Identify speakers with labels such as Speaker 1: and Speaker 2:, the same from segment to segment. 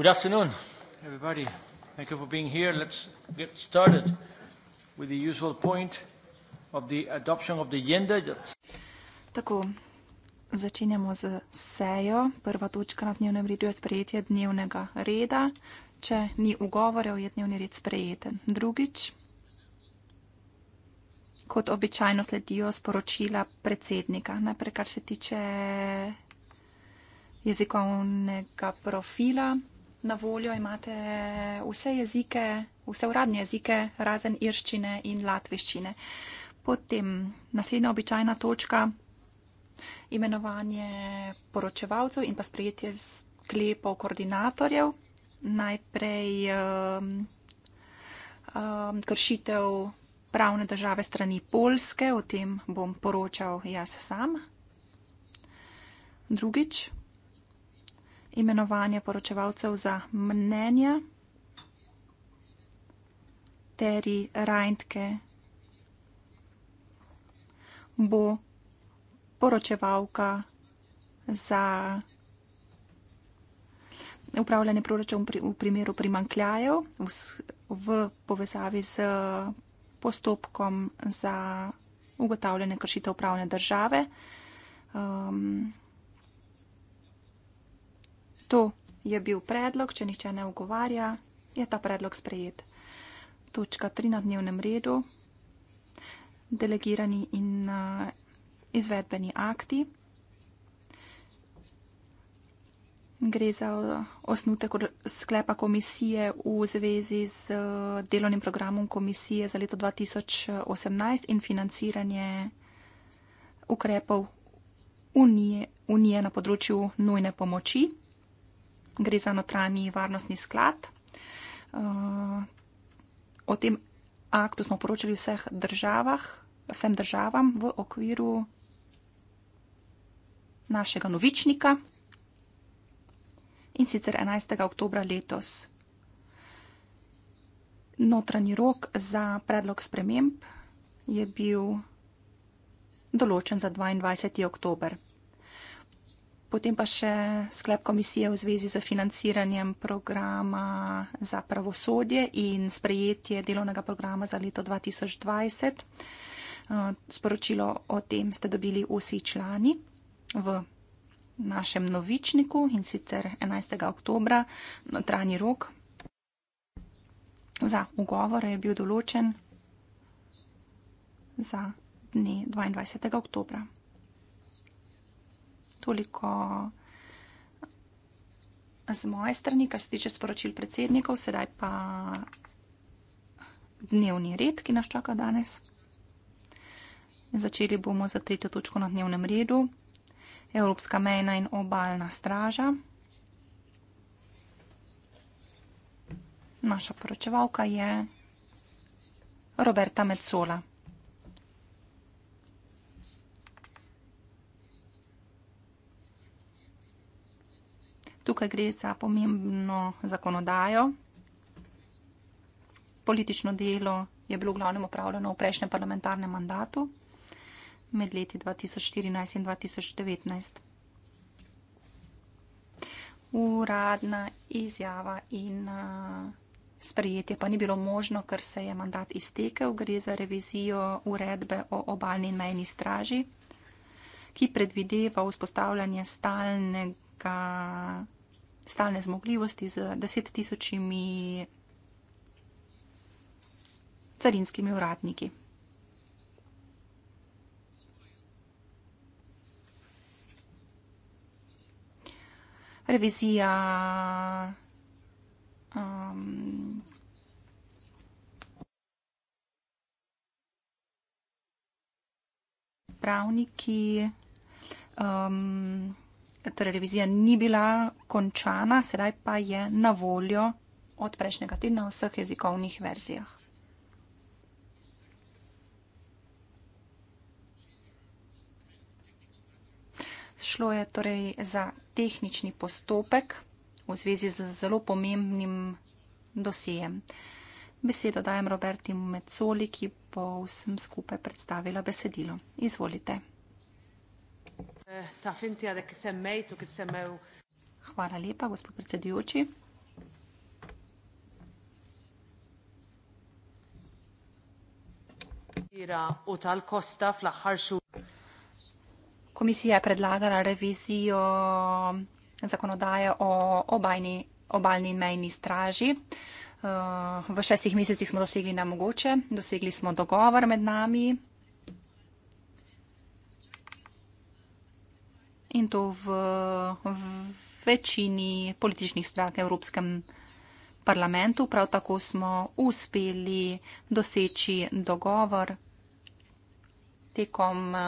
Speaker 1: Good afternoon, everybody. Thank you for being here. Let's get started with the usual point of the adoption of the agenda.
Speaker 2: Tako. Začenjamo z sejo. Prva točka na dnevnem redu je sprejetje dnevnega reda. Če ni ugovorov, je dnevni red sprejeten. Drugič, kot običajno sledijo sporočila predsednika. Najprej, kar se tiče jezikovnega profila na voljo imate vse jezike, vse uradne jezike, razen irščine in latviščine. Potem naslednja običajna točka, imenovanje poročevalcev in pa sprejetje sklepov koordinatorjev. Najprej um, um, kršitev pravne države strani Polske, o tem bom poročal jaz sam. Drugič, imenovanje poročevalcev za mnenja Teri Reintke bo poročevalka za upravljanje proračun pri, v primeru primankljajev v, v povezavi z postopkom za ugotavljanje kršitev pravne države. Um, To je bil predlog, če niče ne ogovarja, je ta predlog sprejet. Točka 3 na dnevnem redu. Delegirani in uh, izvedbeni akti. Gre za osnutek sklepa komisije v zvezi z delovnim programom komisije za leto 2018 in financiranje ukrepov unije, unije na področju nujne pomoči gre za notranji varnostni sklad. O tem aktu smo poročali vseh državah, vsem državam v okviru našega novičnika in sicer 11. oktober letos. Notranji rok za predlog sprememb je bil določen za 22. oktober potem pa še sklep komisije v zvezi z financiranjem programa za pravosodje in sprejetje delovnega programa za leto 2020. Eh, sporočilo o tem ste dobili vsi člani v našem novičniku in sicer 11. oktobra notranji rok. Za ugovor je bil določen za dne 22. oktobra toliko eh, z moje strani, kar se tiče sporočil predsednikov, sedaj pa dnevni red, ki nas čaka danes. Začeli bomo za tretjo točko na dnevnem redu. Evropska mejna in obaljna straža. Naša poročevalka je Roberta Medzola. Tukaj gre za pomembno zakonodajo. Politično delo je bilo v glavnem upravljeno v prejšnjem parlamentarnem mandatu med leti 2014 in 2019. Uradna izjava in sprejetje pa ni bilo možno, ker se je mandat iztekel. Gre za revizijo uredbe o obalni in mejni straži, ki predvideva vzpostavljanje stalnega neka stalne zmogljivosti z deset tisočimi carinskimi uradniki. Revizija um, pravniki um, torej revizija ni bila končana, sedaj pa je na voljo od prejšnjega tedna v vseh jezikovnih verzijah. Šlo je torej za tehnični postopek v zvezi z zelo pomembnim dosijem. Besedo dajem Roberti Mecoli, ki bo vsem skupaj predstavila besedilo. Izvolite. Hvala lepa, gospod predsedujoči. Komisija je predlagala revizijo zakonodaje o obajni, obalni in mejni straži. Eh, v šestih mesecih smo dosegli na mogoče, dosegli smo dogovor med nami. in to v, v večini političnih strank v Evropskem parlamentu. Prav tako smo uspeli doseči dogovor tekom eh,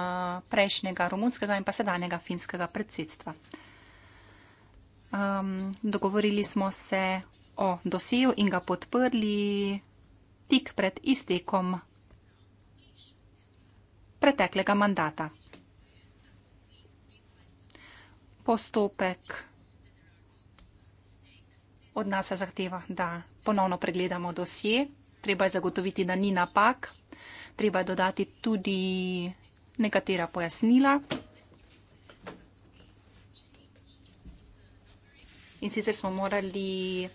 Speaker 2: prejšnjega romunskega in pa sedanjega finskega predsedstva. Um, dogovorili smo se o doseju in ga podprli tik pred iztekom preteklega mandata postopek od nas se zahteva, da ponovno pregledamo dosje. Treba je zagotoviti, da ni napak. Treba je dodati tudi nekatera pojasnila. In sicer smo morali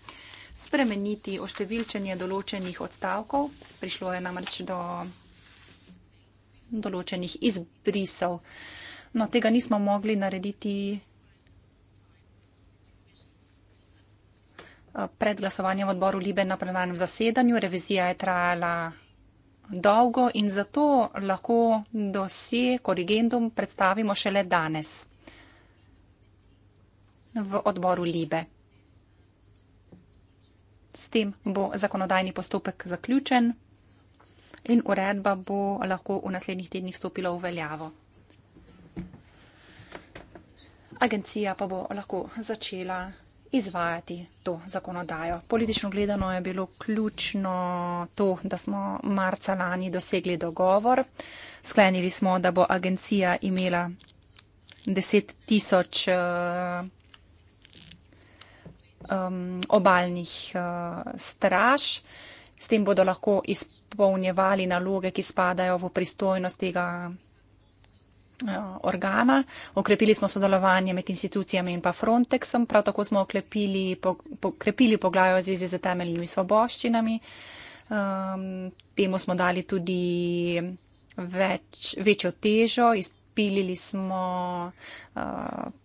Speaker 2: spremeniti oštevilčenje določenih odstavkov. Prišlo je namreč do določenih izbrisov. No, tega nismo mogli narediti Eh, pred glasovanjem v odboru Libe na plenarnem zasedanju. Revizija je trajala dolgo in zato lahko dosje korigendum predstavimo šele danes v odboru Libe. S tem bo zakonodajni postopek zaključen in uredba bo lahko v naslednjih tednih stopila v veljavo. Agencija pa bo lahko začela izvajati to zakonodajo. Politično gledano je bilo ključno to, da smo marca lani dosegli dogovor. Sklenili smo, da bo agencija imela 10 tisoč uh, um, obaljnih uh, straž. S tem bodo lahko izpolnjevali naloge, ki spadajo v pristojnost tega Eh, organa. Okrepili smo sodelovanje med institucijami in pa Frontexom, prav tako smo okrepili, okrepili poglavje v zvezi z temeljnimi svoboščinami. Um, temu smo dali tudi več, večjo težo, izpilili smo uh,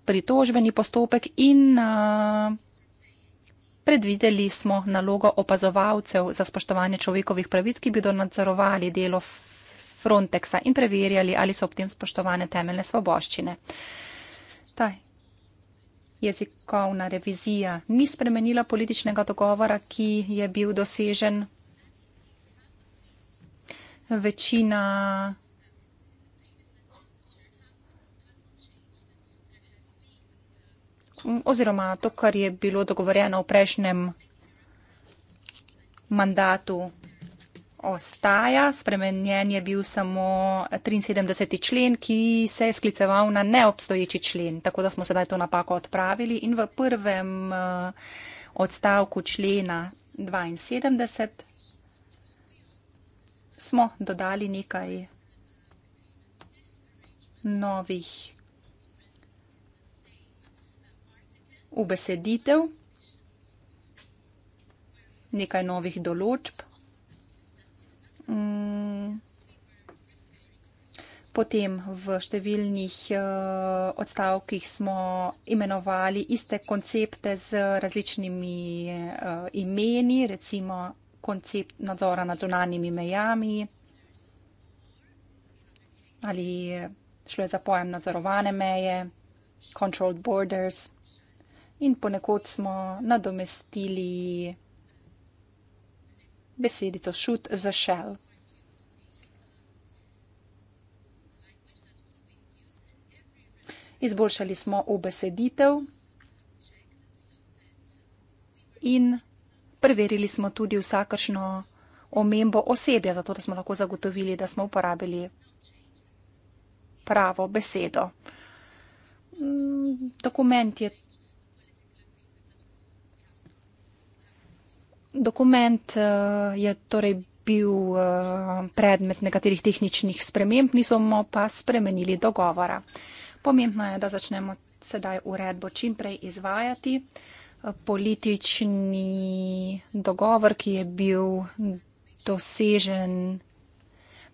Speaker 2: pritožbeni postopek in uh, predvideli smo nalogo opazovalcev za spoštovanje človekovih pravic, ki bi do nadzorovali delo Frontexa in preverjali, ali so ob tem spoštovane temeljne svoboščine. Ta jezikovna revizija ni spremenila političnega dogovora, ki je bil dosežen. Večina oziroma to, kar je bilo dogovorjeno v prejšnjem mandatu, ostaja. Spremenjen je bil samo 73. člen, ki se je skliceval na neobstoječi člen. Tako da smo sedaj to napako odpravili in v prvem eh, odstavku člena 72 smo dodali nekaj novih ubeseditev, nekaj novih določb. Mm. Potem v številnih eh, odstavkih smo imenovali iste koncepte z različnimi eh, imeni, recimo koncept nadzora nad zunanjimi mejami ali eh, šlo je za pojem nadzorovane meje, controlled borders. In ponekod smo nadomestili besedico shoot the shell. Izboljšali smo ubeseditev in preverili smo tudi vsakršno omembo osebja, zato da smo lahko zagotovili, da smo uporabili pravo besedo. Mm, dokument je dokument uh, je torej bil uh, predmet nekaterih tehničnih sprememb, nismo pa spremenili dogovora. Pomembno je, da začnemo sedaj uredbo čim prej izvajati. Eh, politični dogovor, ki je bil dosežen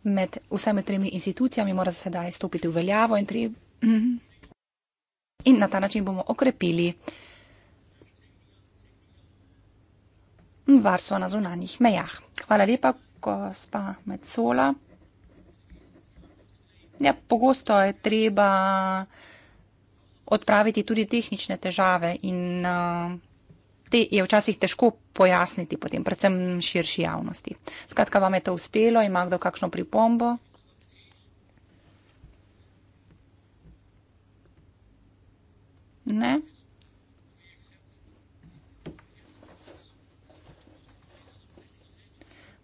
Speaker 2: med vsemi tremi institucijami, mora sedaj stopiti v veljavo in, tri, mhm. in na ta način bomo okrepili uh, in varstvo na zunanjih mejah. Hvala lepa, gospa Mecola. Ja, pogosto je treba odpraviti tudi tehnične težave in eh, te je včasih težko pojasniti potem, predvsem širši javnosti. Skratka, vam je to uspelo, ima kdo kakšno pripombo? Ne.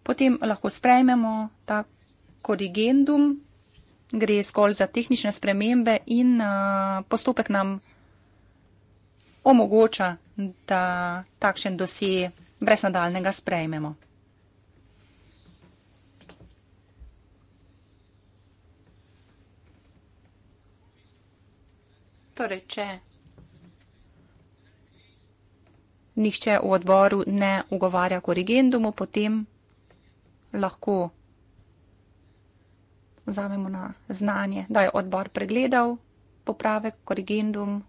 Speaker 2: potem lahko sprejmemo ta korigendum, gre zgolj za tehnične spremembe in postopek nam omogoča, da takšen dosje brez nadaljnega sprejmemo. Torej, če nihče v odboru ne ugovarja korigendumu, potem lahko vzamemo na znanje, da je odbor pregledal popravek, korigendum.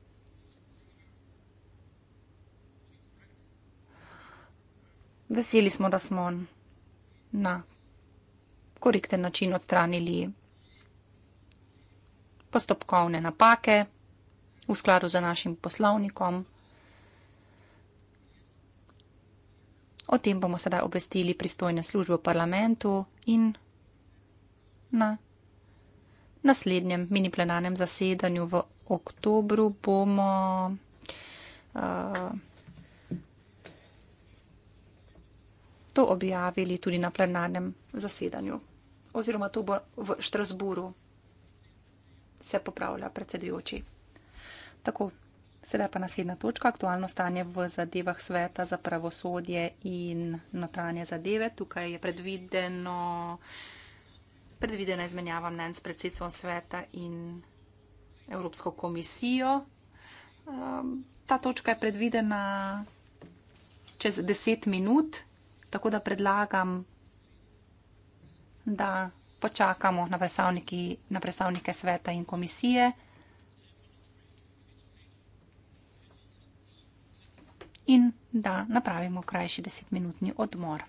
Speaker 2: Veseli smo, da smo na korekten način odstranili postopkovne napake v skladu z našim poslovnikom. O tem bomo sedaj obvestili pristojne službe v parlamentu in na naslednjem mini plenarnem zasedanju v oktobru bomo. Uh, To objavili tudi na plenarnem zasedanju, oziroma to bo v Štrasburu, se popravlja predsedujoči. Tako. Sedaj pa naslednja točka, aktualno stanje v zadevah sveta za pravosodje in notranje zadeve. Tukaj je predvideno, predvideno izmenjava mnen s predsedstvom sveta in Evropsko komisijo. Um, ta točka je predvidena čez deset minut, tako da predlagam, da počakamo na predstavnike sveta in komisije. in da napravimo krajši desetminutni odmor.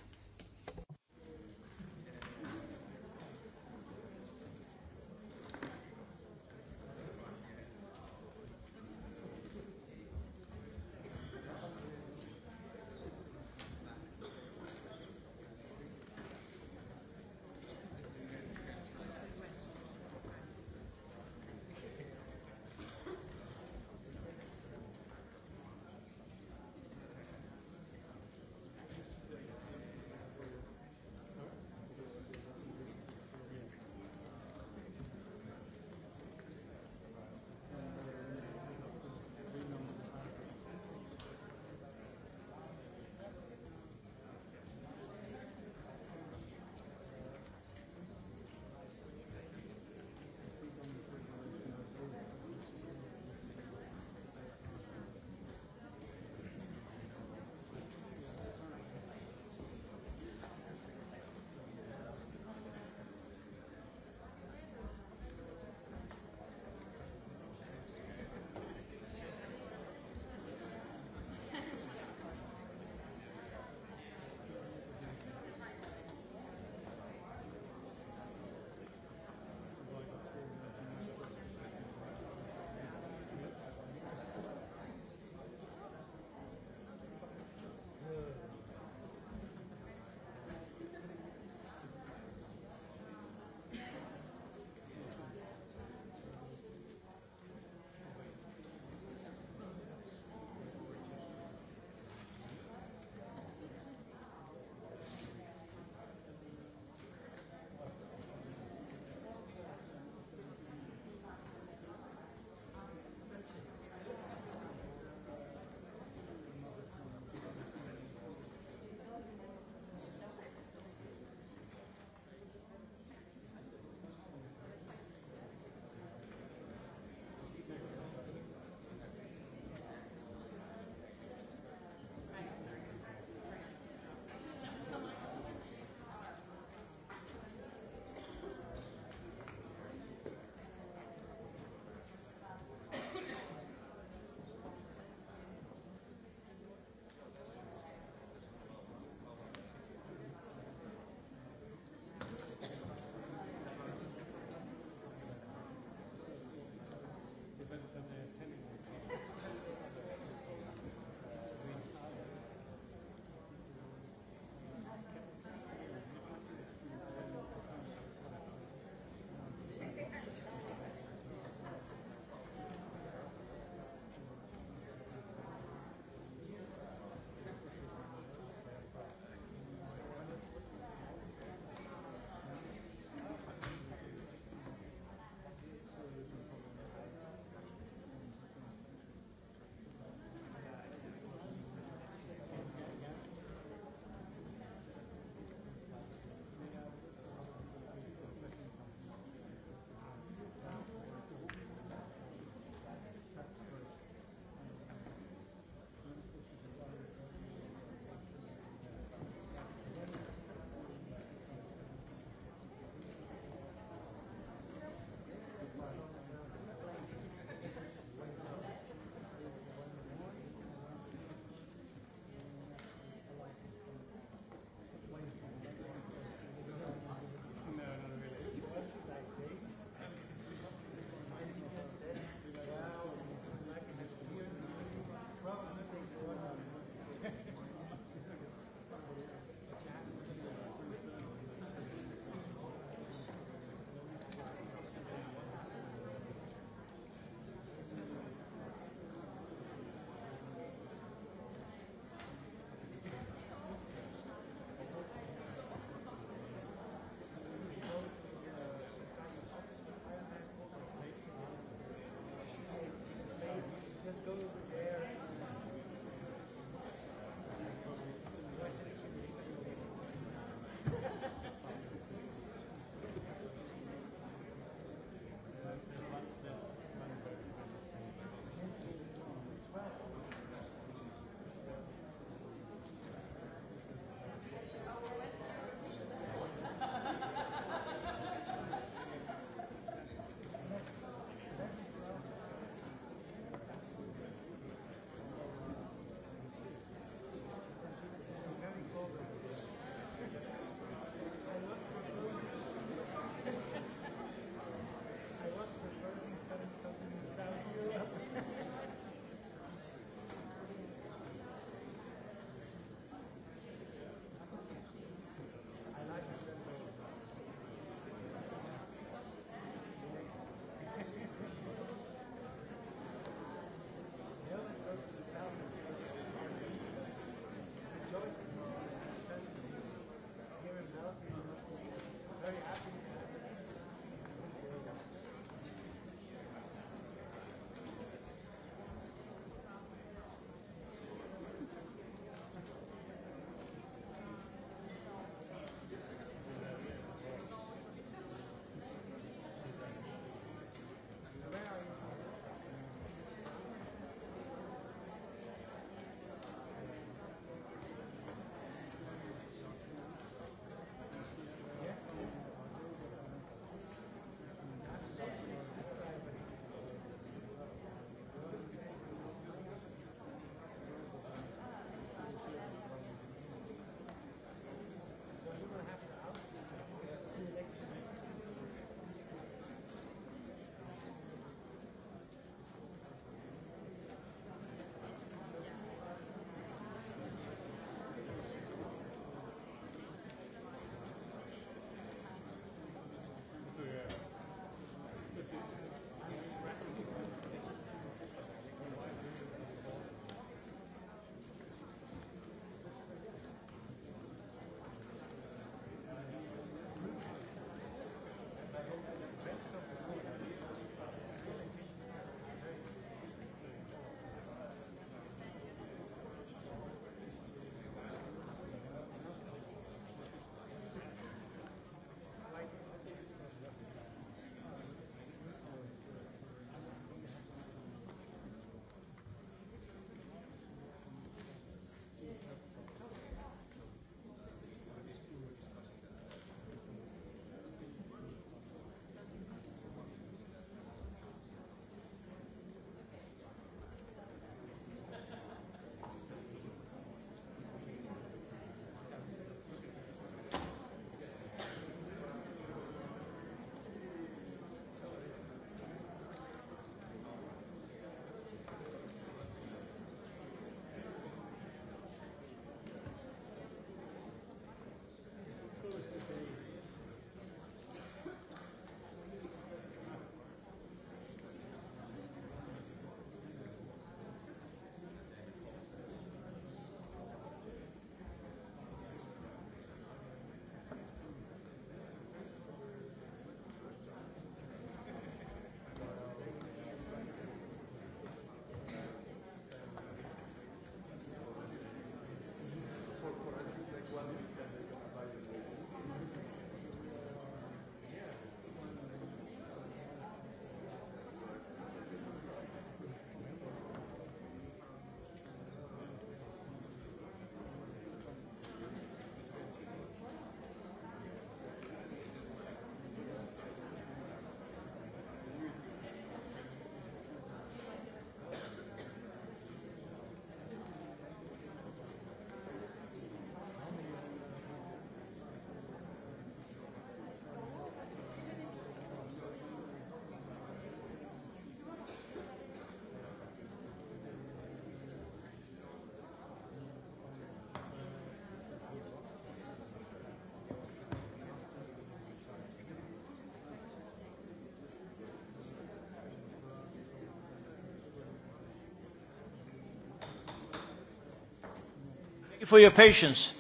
Speaker 3: for your patience.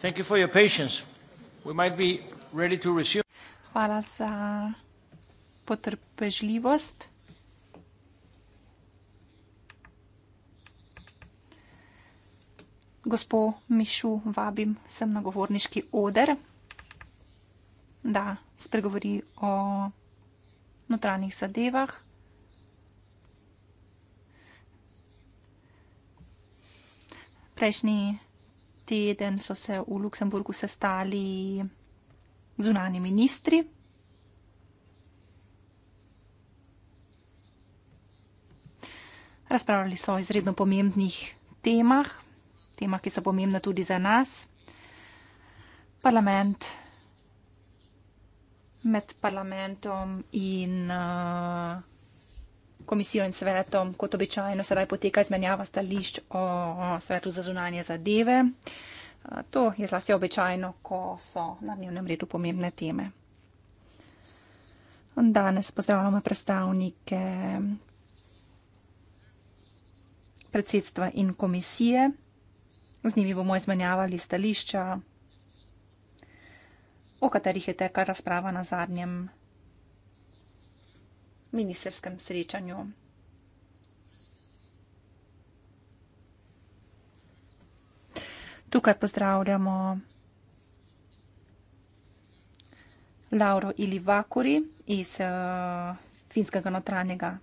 Speaker 1: Thank you for your patience. We might be ready to resume.
Speaker 3: Hvala
Speaker 2: za potrpežljivost. Gospod Mišu, vabim sem na govorniški oder, da spregovori o notranjih zadevah. prejšnji teden so se v Luksemburgu sestali zunani ministri. Razpravljali so o izredno pomembnih temah, temah, ki so pomembne tudi za nas. Parlament med parlamentom in uh, komisijo in svetom, kot običajno sedaj poteka izmenjava stališč o svetu za zunanje zadeve. To je zlasti običajno, ko so na dnevnem redu pomembne teme. Danes pozdravljamo predstavnike predsedstva in komisije. Z njimi bomo izmenjavali stališča, o katerih je tekla razprava na zadnjem ministerskem srečanju. Tukaj pozdravljamo Lauro Ilivakuri iz eh, finskega notranjega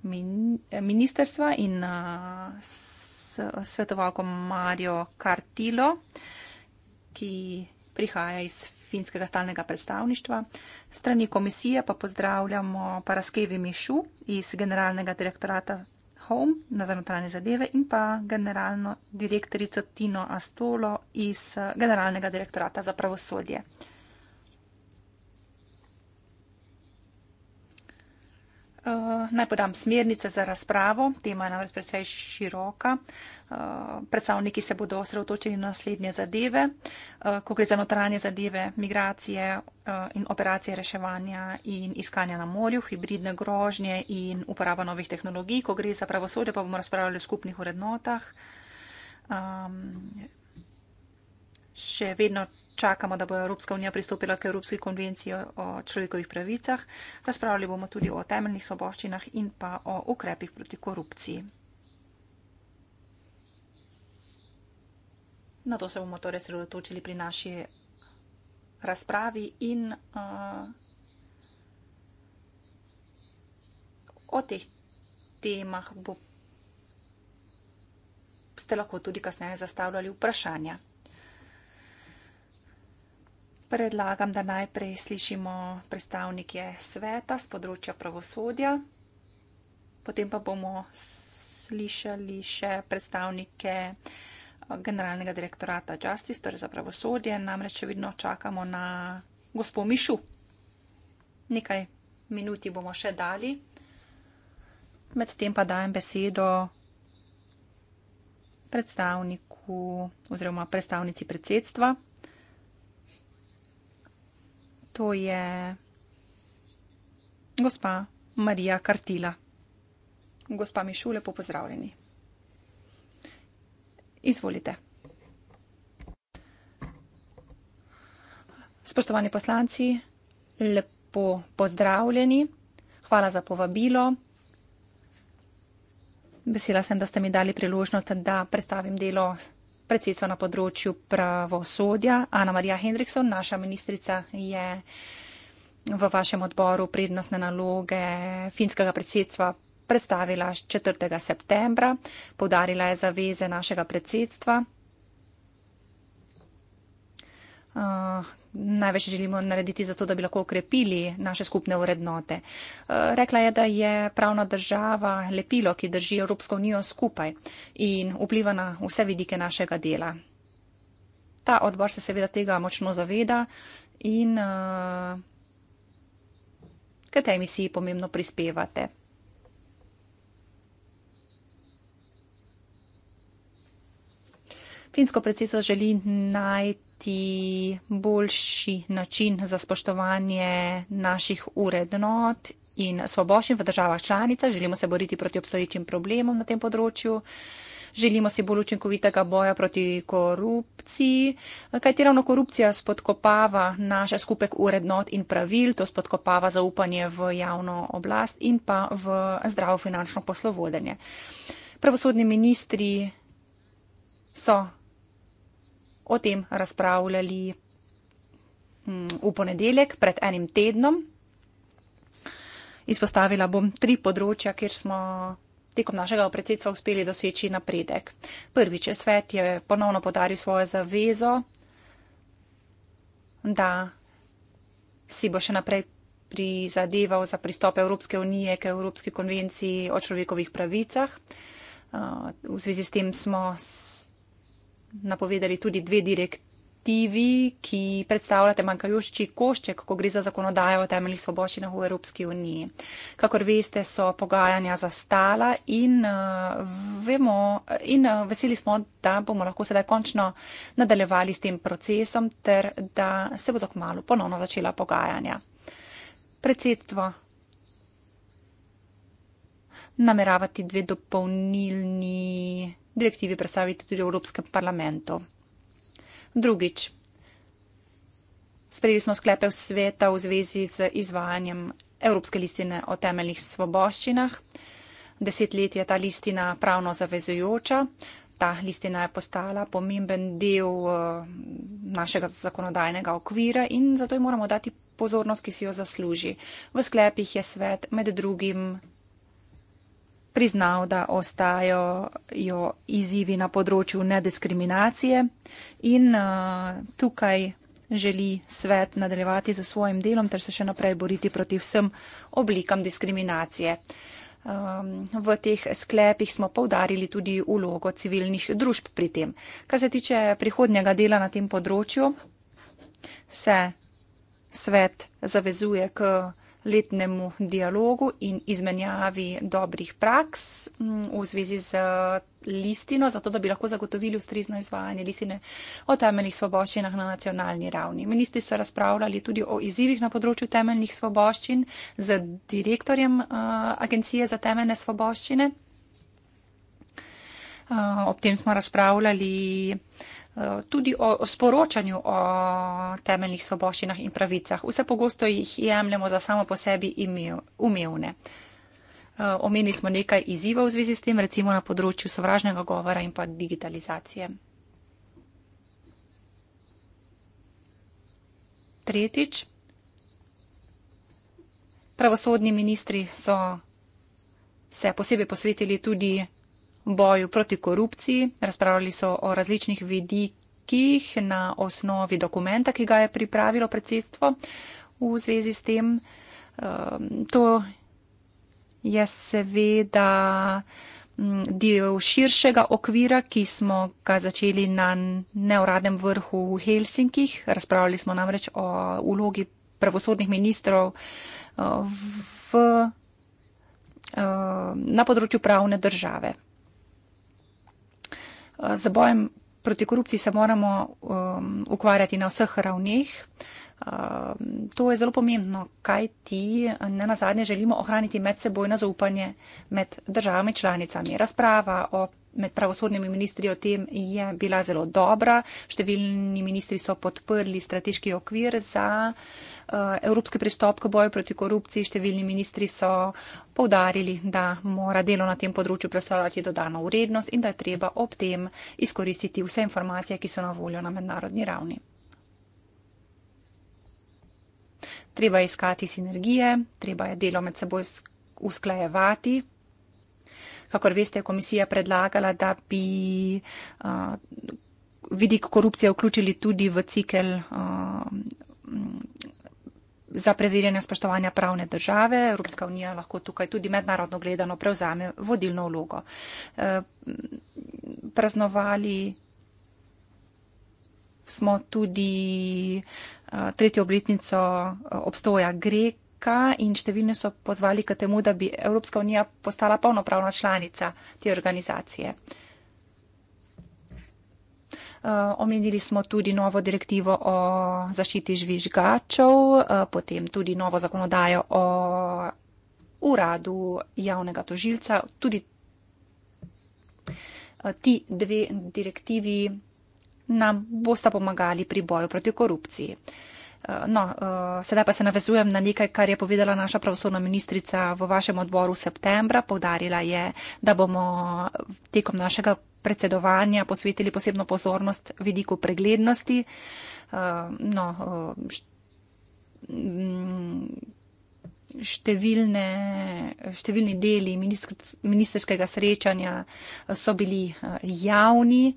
Speaker 2: ministerstva in eh, svetovalko Mario Kartilo, ki prihaja iz finskega stalnega predstavništva. Strani komisije pa pozdravljamo Paraskevi Mišu iz generalnega direktorata Home na zanotranje zadeve in pa generalno direktorico Tino Astolo iz eh, generalnega direktorata za pravosodje. Uh, naj podam smernice za razpravo, tema je namreč precej široka. Uh, predstavniki se bodo osredotočili na naslednje zadeve, eh, ko gre za notranje zadeve, migracije eh, in operacije reševanja in iskanja na morju, hibridne grožnje in uporaba novih tehnologij, ko gre za pravosodje, pa bomo razpravljali o skupnih urednotah. Um, ehm, še vedno čakamo, da bo Evropska unija pristopila k Evropski konvenciji o človekovih pravicah. Razpravljali bomo tudi o temeljnih svoboščinah in pa o ukrepih proti korupciji. Na to se bomo torej sredotočili pri naši razpravi in uh, o teh temah bo, ste lahko tudi kasneje zastavljali vprašanja. Predlagam, da najprej slišimo predstavnike sveta z področja pravosodja, potem pa bomo slišali še predstavnike uh, generalnega direktorata Justice, torej za pravosodje, namreč še vedno čakamo na gospod Mišu. Nekaj minuti bomo še dali, medtem pa dajem besedo predstavniku oziroma predstavnici predsedstva. To je gospa Marija Kartila. Gospa Mišu, lepo pozdravljeni. Izvolite. Spoštovani poslanci, lepo pozdravljeni. Hvala za povabilo. Vesela sem, da ste mi dali priložnost, da predstavim delo predsedstva na področju pravosodja. Ana Marija Hendrikson, naša ministrica, je v vašem odboru prednostne naloge finskega predsedstva predstavila 4. septembra, podarila je zaveze našega predsedstva. Uh, največ želimo narediti zato, da bi lahko okrepili naše skupne vrednote. Uh, rekla je, da je pravna država lepilo, ki drži Evropsko unijo skupaj in vpliva na vse vidike našega dela. Ta odbor se seveda tega močno zaveda in uh, k tej misiji pomembno prispevate. Finsko predsedstvo želi najti boljši način za spoštovanje naših urednot in svoboščin v državah članica. Želimo se boriti proti obstoječim problemom na tem področju. Želimo si bolj učinkovitega boja proti korupciji, kajti ravno korupcija spodkopava naše skupek urednot in pravil, to spodkopava zaupanje v javno oblast in pa v zdravo finančno poslovodenje. Pravosodni ministri so o tem razpravljali mm, v ponedeljek pred enim tednom. Izpostavila bom tri področja, kjer smo tekom našega predsedstva uspeli doseči napredek. Prvič, svet je ponovno podaril svojo zavezo, da si bo še naprej prizadeval za pristop Evropske unije k Evropski konvenciji o človekovih pravicah. Uh, v zvezi s tem smo napovedali tudi dve direktivi, ki predstavljate manjkajoči košček, ko gre za zakonodajo o temeljih svoboščinah v Evropski uniji. Kakor veste, so pogajanja zastala in, uh, vemo, in uh, veseli smo, da bomo lahko sedaj končno nadaljevali s tem procesom ter da se bodo k malu ponovno začela pogajanja. Predsedstvo. Nameravati dve dopolnilni direktivi predstaviti tudi v Evropskem parlamentu. Drugič. Sprejeli smo sklepe v sveta v zvezi z izvajanjem Evropske listine o temeljnih svoboščinah. Deset let je ta listina pravno zavezujoča. Ta listina je postala pomemben del eh, našega zakonodajnega okvira in zato jo moramo dati pozornost, ki si jo zasluži. V sklepih je svet med drugim priznal, da ostajajo izzivi na področju nediskriminacije in uh, tukaj želi svet nadaljevati za svojim delom ter se še naprej boriti proti vsem oblikam diskriminacije. Um, v teh sklepih smo povdarili tudi ulogo civilnih družb pri tem. Kar se tiče prihodnjega dela na tem področju, se svet zavezuje k letnemu dialogu in izmenjavi dobrih praks mm, v zvezi z listino, zato da bi lahko zagotovili ustrezno izvajanje listine o temeljnih svoboščinah na nacionalni ravni. Ministri so razpravljali tudi o izzivih na področju temeljnih svoboščin z direktorjem eh, Agencije za temeljne svoboščine. Eh, ob tem smo razpravljali Eh, tudi o, o sporočanju o temeljnih svoboščinah in pravicah. Vse pogosto jih jemljemo za samo po sebi imel, umevne. Eh, omenili smo nekaj izzivov v zvezi s tem, recimo na področju sovražnega govora in pa digitalizacije. Tretjič, pravosodni ministri so se posebej posvetili tudi boju proti korupciji, razpravljali so o različnih vidikih na osnovi dokumenta, ki ga je pripravilo predsedstvo v zvezi s tem. Ehm, to je seveda mm, del širšega okvira, ki smo ga začeli na neuradnem vrhu v Helsinkih. Razpravljali smo namreč o ulogi pravosodnih ministrov eh, v, eh, na področju pravne države. Za bojem proti korupciji se moramo um, ukvarjati na vseh ravneh. Um, to je zelo pomembno, kaj ti ne na zadnje želimo ohraniti medsebojno zaupanje med državami članicami. Razprava o med pravosodnimi ministri o tem je bila zelo dobra. Številni ministri so podprli strateški okvir za uh, Eh, evropski pristop k boju proti korupciji. Številni ministri so povdarili, da mora delo na tem področju predstavljati dodano vrednost in da je treba ob tem izkoristiti vse informacije, ki so na voljo na mednarodni ravni. Treba je iskati sinergije, treba je delo med seboj usklajevati. Kakor veste, je komisija predlagala, da bi uh, vidik korupcije vključili tudi v cikel uh, za preverjanje spoštovanja pravne države. Evropska unija lahko tukaj tudi mednarodno gledano prevzame vodilno vlogo. E, praznovali smo tudi e, tretjo obletnico e, obstoja Greka in številni so pozvali k temu, da bi Evropska unija postala polnopravna članica te organizacije. Eh, omenili smo tudi novo direktivo o zaščiti žvižgačev, eh, potem tudi novo zakonodajo o uradu javnega tožilca. Tudi eh, ti dve direktivi nam bosta pomagali pri boju proti korupciji. Eh, no, eh, sedaj pa se navezujem na nekaj, kar je povedala naša pravosodna ministrica v vašem odboru septembra. Povdarila je, da bomo eh, tekom našega predsedovanja posvetili posebno pozornost vidiku preglednosti. No, mm, Številne, številni deli ministerskega srečanja so bili javni.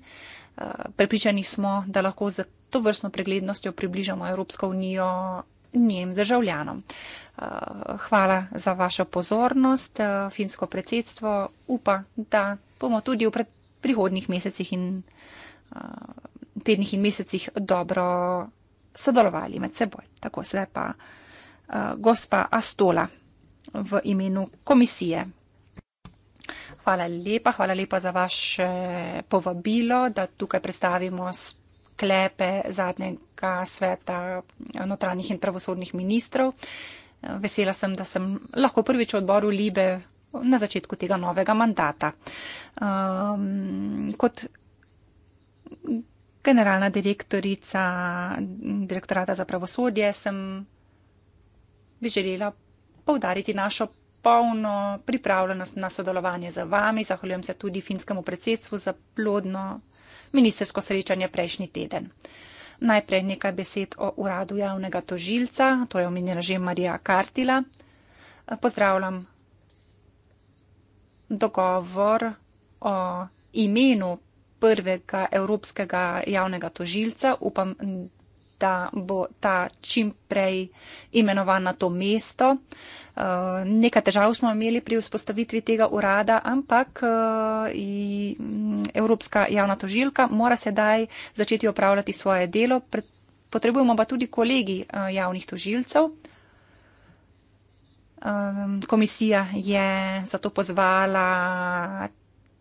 Speaker 2: Prepričani smo, da lahko to vrstno preglednostjo približamo Evropsko unijo njem državljanom. Eh, hvala za vašo pozornost, eh, finsko predsedstvo. Upa, da bomo tudi v prihodnih mesecih in eh, tednih in mesecih dobro sodelovali med seboj. Tako sedaj pa gospa Astola v imenu komisije. Hvala lepa, hvala lepa za vaše povabilo, da tukaj predstavimo sklepe zadnjega sveta notranjih in pravosodnih ministrov. Vesela sem, da sem lahko prvič v odboru Libe na začetku tega novega mandata. Um, kot generalna direktorica direktorata za pravosodje sem bi želela povdariti našo polno pripravljenost na sodelovanje z vami. Zahvaljujem se tudi finskemu predsedstvu za plodno ministersko srečanje prejšnji teden. Najprej nekaj besed o uradu javnega tožilca, to je omenjena že Marija Kartila. Pozdravljam dogovor o imenu prvega evropskega javnega tožilca. Upam, da bo ta čimprej imenovan na to mesto. Uh, Eh, nekaj težav smo imeli pri vzpostavitvi tega urada, ampak eh, Evropska javna tožilka mora sedaj začeti opravljati svoje delo. Potrebujemo pa tudi kolegi eh, javnih tožilcev. Komisija je zato pozvala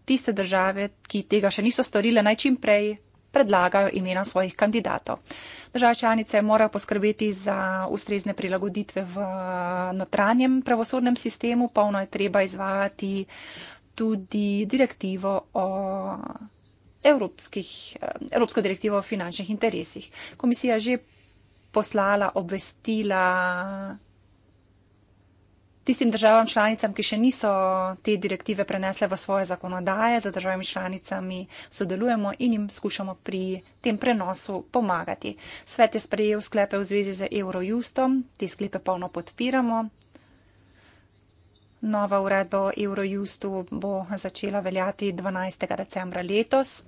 Speaker 2: tiste države, ki tega še niso storile, naj čim prej predlagajo imena svojih kandidatov. Države članice morajo poskrbeti za ustrezne prilagoditve v notranjem pravosodnem sistemu, polno je treba izvajati tudi direktivo o. Evropskih, Evropsko direktivo o finančnih interesih. Komisija je že poslala obvestila tistim državam članicam, ki še niso te direktive prenesle v svoje zakonodaje, za državami članicami sodelujemo in jim skušamo pri tem prenosu pomagati. Svet je sprejel sklepe v zvezi z Eurojustom, te sklepe polno podpiramo. Nova uredba o Eurojustu bo začela veljati 12. decembra letos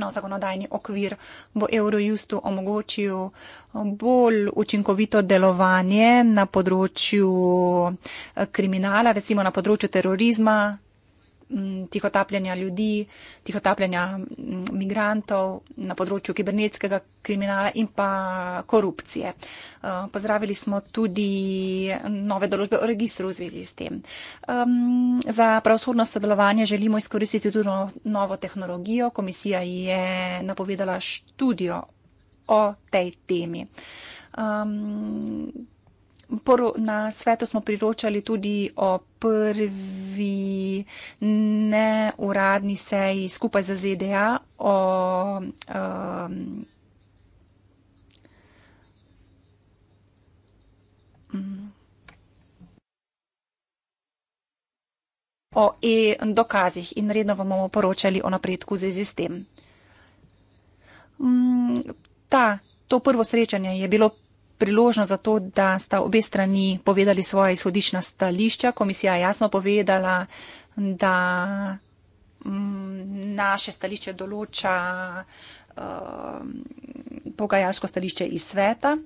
Speaker 2: nov zakonodajni okvir bo Eurojustu omogočil eh, bolj učinkovito delovanje na področju eh, kriminala, recimo na področju terorizma, tihotapljanja ljudi, tihotapljanja migrantov na področju kibernetskega kriminala in pa korupcije. Uh, pozdravili smo tudi nove določbe o registru v zvezi s tem. Um, za pravosodno sodelovanje želimo izkoristiti tudi no-, novo tehnologijo. Komisija je napovedala študijo o tej temi. Um, na svetu smo priročali tudi o prvi neuradni seji skupaj z ZDA o um, o e dokazih in redno vam bomo poročali o napredku z sistem. Um, mm, ta, to prvo srečanje je bilo priložnost za to, da sta obe strani povedali svoje izhodišna stališča. Komisija je jasno povedala, da mm, naše stališče določa uh, pogajalsko stališče iz sveta.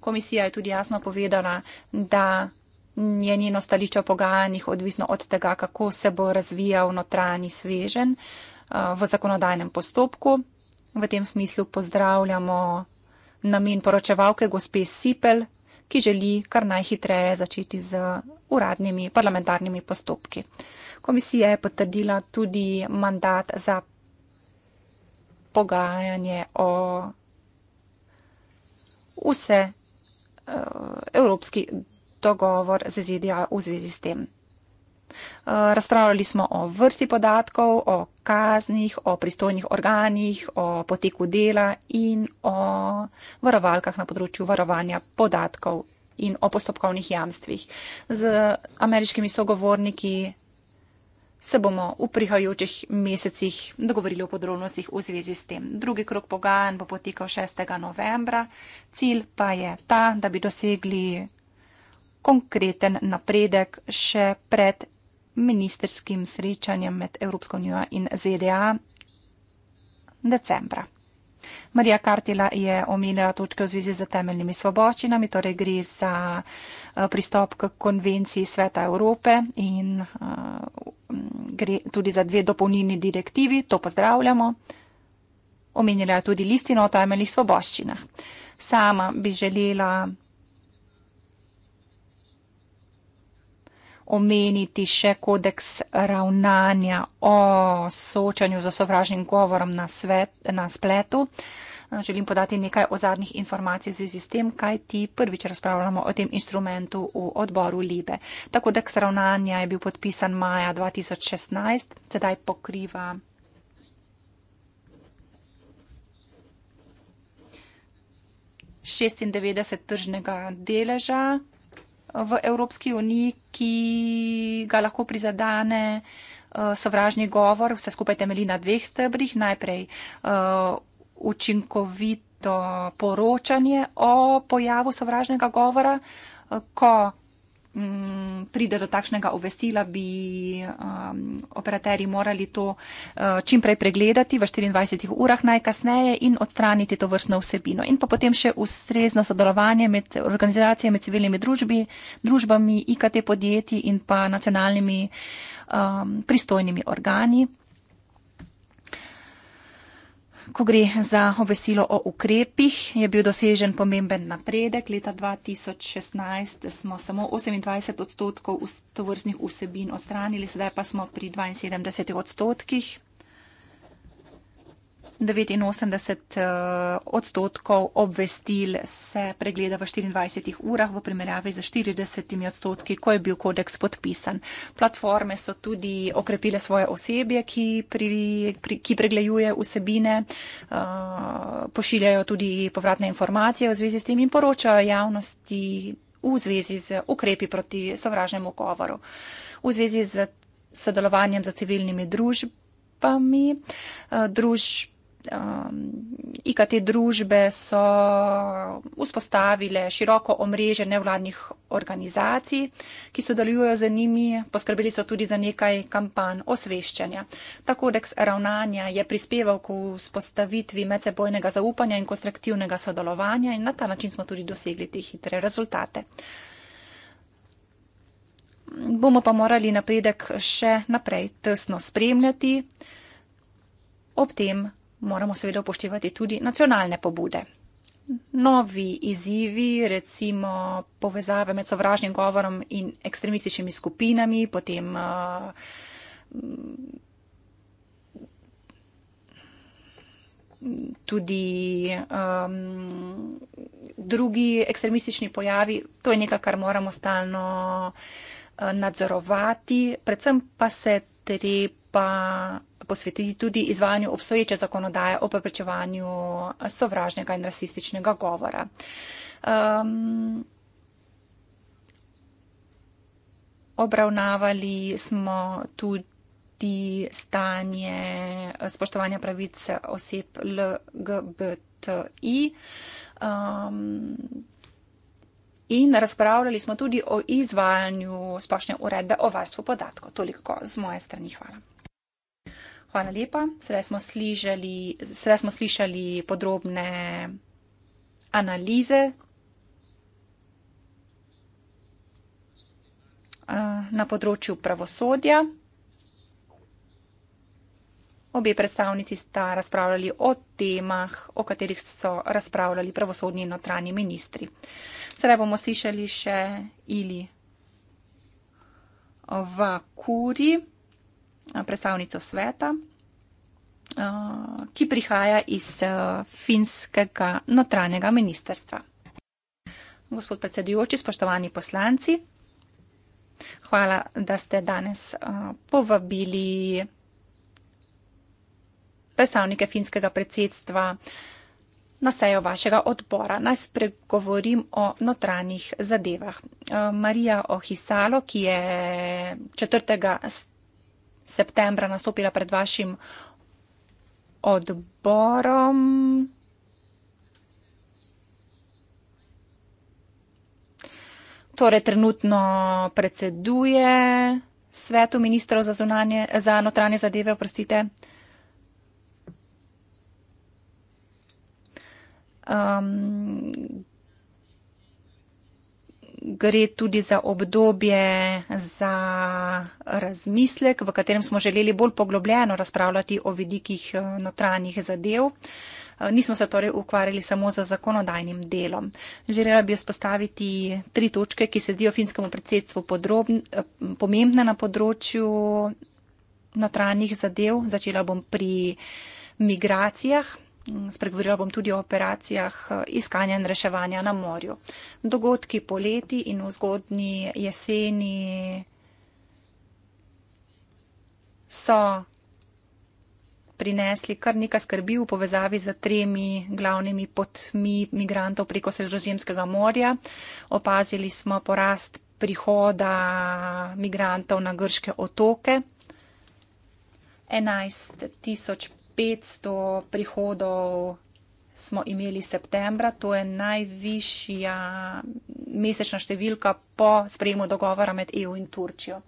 Speaker 2: Komisija je tudi jasno povedala, da je njeno stališče o pogajanjih odvisno od tega, kako se bo razvijal notranji svežen uh, v zakonodajnem postopku. V tem smislu pozdravljamo namen poročevalke gospe Sipel, ki želi kar najhitreje začeti z uradnimi parlamentarnimi postopki. Komisija je potrdila tudi mandat za pogajanje o vse eh, evropski dogovor z ZDA v zvezi s tem. Eh, razpravljali smo o vrsti podatkov, o kaznih, o pristojnih organih, o poteku dela in o varovalkah na področju varovanja podatkov in o postopkovnih jamstvih. Z ameriškimi sogovorniki se bomo v prihajajočih mesecih dogovorili o podrobnostih v zvezi s tem. Drugi krok pogajanj bo potekal 6. novembra. Cilj pa je ta, da bi dosegli konkreten napredek še pred ministerskim srečanjem med Evropsko unijo in ZDA decembra. Marija Kartila je omenila točke v zvezi z temeljnimi svoboščinami, torej gre za eh, pristop k konvenciji Sveta Evrope in eh, gre tudi za dve dopolnini direktivi, to pozdravljamo. Omenila je tudi listino o temeljnih svoboščinah. Sama bi želela omeniti še kodeks ravnanja o soočanju z osovražnim govorom na, svet, na spletu. Eh, želim podati nekaj o zadnjih informacij v zvezi s tem, kaj ti prvič razpravljamo o tem instrumentu v odboru Libe. Ta kodeks ravnanja je bil podpisan maja 2016, sedaj pokriva. Šestindevetdeset tržnega deleža v Evropski uniji, ki ga lahko prizadane eh, sovražni govor. Vse skupaj temeli na dveh stebrih. Najprej eh, učinkovito poročanje o pojavu sovražnega govora, eh, ko Mm, pride do takšnega obvestila, bi um, operaterji morali to uh, čimprej pregledati v 24 urah najkasneje in odstraniti to vrstno vsebino. In pa potem še ustrezno sodelovanje med organizacijami, civilnimi družbi, družbami, IKT podjetji in pa nacionalnimi um, pristojnimi organi. Ko gre za obesilo o ukrepih, je bil dosežen pomemben napredek. Leta 2016 smo samo 28 odstotkov tovrstnih vsebin ostranili, sedaj pa smo pri 72 odstotkih. 89 eh, odstotkov obvestil se pregleda v 24 urah v primerjavi z 40 odstotki, ko je bil kodeks podpisan. Platforme so tudi okrepile svoje osebje, ki, pri, pri, ki pregleduje vsebine, eh, pošiljajo tudi povratne informacije v zvezi s tem in poročajo javnosti v zvezi z ukrepi proti sovražnemu govoru. V zvezi z sodelovanjem za civilnimi družbami, eh, družb um, IKT družbe so vzpostavile široko omrežje nevladnih organizacij, ki sodelujo z njimi, poskrbeli so tudi za nekaj kampanj osveščanja. Ta kodeks ravnanja je prispeval k vzpostavitvi medsebojnega zaupanja in konstruktivnega sodelovanja in na ta način smo tudi dosegli te hitre rezultate. Bomo pa morali napredek še naprej tesno spremljati. Ob tem moramo seveda upoštevati tudi nacionalne pobude. Novi izzivi, recimo povezave med sovražnim govorom in ekstremističnimi skupinami, potem uh, tudi um, drugi ekstremistični pojavi, to je nekaj, kar moramo stalno uh, nadzorovati, predvsem pa se treba pa posvetiti tudi izvajanju obstoječe zakonodaje o preprečevanju sovražnega in rasističnega govora. Um, obravnavali smo tudi stanje spoštovanja pravice oseb LGBTI. Um, In razpravljali smo tudi o izvajanju splošne uredbe o varstvu podatkov. Toliko z moje strani. Hvala. Hvala lepa. Sedaj smo slišali, sedaj smo slišali podrobne analize na področju pravosodja. Obe predstavnici sta razpravljali o temah, o katerih so razpravljali pravosodni in notranji ministri. Sedaj bomo slišali še Ili Vakuri. Eh, predstavnico sveta, eh, ki prihaja iz eh, finskega notranjega ministerstva. Gospod predsedujoči, spoštovani poslanci, hvala, da ste danes povabili predstavnike finskega predsedstva na sejo vašega odbora. Naj spregovorim o notranjih zadevah. Marija Ohisalo, ki je 4. stoletja, septembra nastopila pred vašim odborom. Torej, trenutno predseduje svetu ministrov za, zunanje, za notranje zadeve, oprostite. Um, gre tudi za obdobje za razmislek, v katerem smo želeli bolj poglobljeno razpravljati o vidikih eh, notranjih zadev. Eh, nismo se torej ukvarjali samo z zakonodajnim delom. Želela bi vzpostaviti tri točke, ki se zdijo finskemu predsedstvu eh, pomembne na področju notranjih zadev. Začela bom pri migracijah. Mm, spregovorila bom tudi o operacijah eh, iskanja in reševanja na morju. Dogodki poleti in v zgodnji jeseni so prinesli kar nekaj skrbi v povezavi z tremi glavnimi potmi migrantov preko Sredozemskega morja. Opazili smo porast prihoda migrantov na grške otoke. 11 tisoč 500 prihodov smo imeli septembra, to je najvišja mesečna številka po sprejemu dogovora med EU in Turčijo.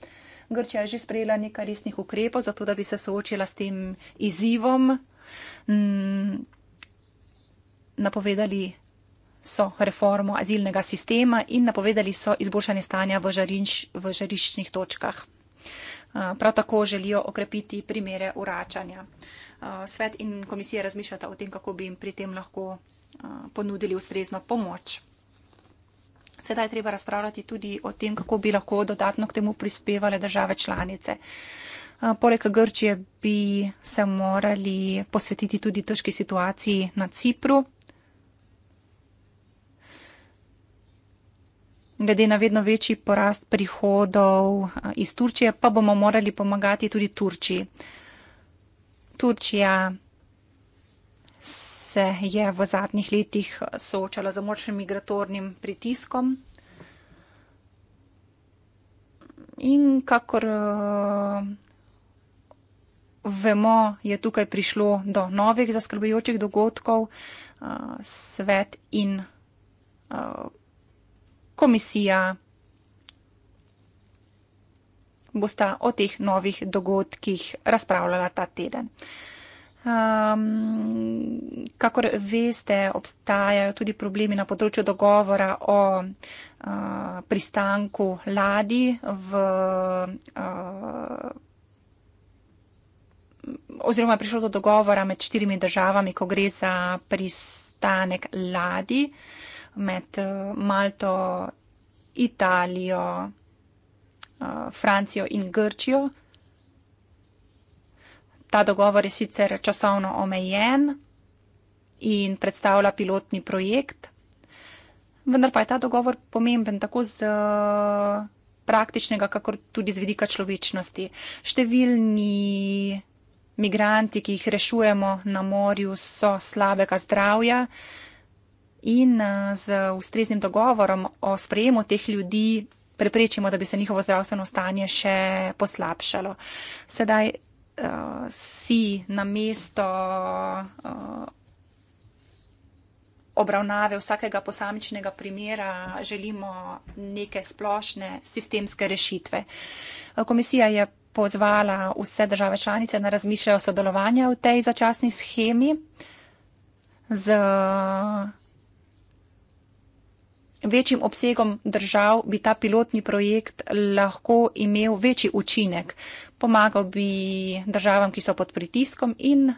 Speaker 2: Grčija je že sprejela nekaj resnih ukrepov, zato da bi se soočila s tem izzivom. Mm, napovedali so reformo azilnega sistema in napovedali so izboljšanje stanja v, žarinč, v žariščnih točkah. Prav tako želijo okrepiti primere uračanja uh, svet in komisija razmišljata o tem, kako bi jim pri tem lahko uh, ponudili ustrezno pomoč. Sedaj je treba razpravljati tudi o tem, kako bi lahko dodatno k temu prispevale države članice. Eh, poleg Grčije bi se morali posvetiti tudi težki situaciji na Cipru. Glede na vedno večji porast prihodov iz Turčije, pa bomo morali pomagati tudi Turčiji. Uh, Turčija se je v zadnjih letih soočala z močnim migratornim pritiskom. In kakor eh, vemo, je tukaj prišlo do novih zaskrbljujočih dogodkov. Eh, svet in eh, komisija bosta o teh novih dogodkih razpravljala ta teden. Um, kakor veste, obstajajo tudi problemi na področju dogovora o uh, pristanku ladi v. Uh, Oziroma, je prišlo do dogovora med štirimi državami, ko gre za pristanek ladi med eh, Malto, Italijo, Eh, Francijo in Grčijo. Ta dogovor je sicer časovno omejen in predstavlja pilotni projekt, vendar pa je ta dogovor pomemben tako z eh, praktičnega, kakor tudi z vidika človečnosti. Številni migranti, ki jih rešujemo na morju, so slabega zdravja in eh, z ustreznim dogovorom o sprejemu teh ljudi preprečimo, da bi se njihovo zdravstveno stanje še poslabšalo. Sedaj uh, si na mesto uh, eh, obravnave vsakega posamičnega primera želimo neke splošne sistemske rešitve. Komisija je pozvala vse države članice na razmišljajo sodelovanja v tej začasni schemi z večjim obsegom držav bi ta pilotni projekt lahko imel večji učinek. Pomagal bi državam, ki so pod pritiskom in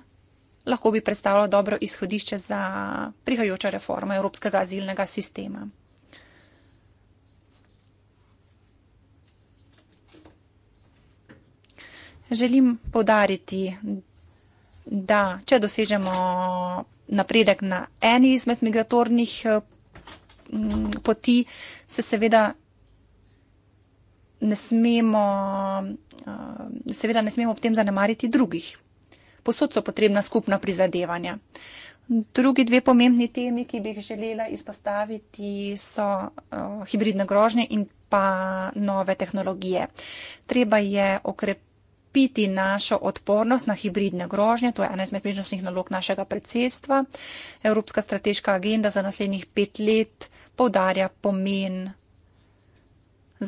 Speaker 2: lahko bi predstavljal dobro izhodišče za prihajajoča reforma Evropskega azilnega sistema. Želim povdariti, da če dosežemo napredek na eni izmed migratornih Mm, poti se seveda ne smemo, uh, seveda ne smemo ob tem zanemariti drugih. Posod so potrebna skupna prizadevanja. Drugi dve pomembni temi, ki bi jih želela izpostaviti, so uh, hibridne grožnje in pa nove tehnologije. Treba je okrepiti našo odpornost na hibridne grožnje, to je ena izmed prednostnih nalog našega predsedstva. Evropska strateška agenda za naslednjih pet let uh, poudarja pomen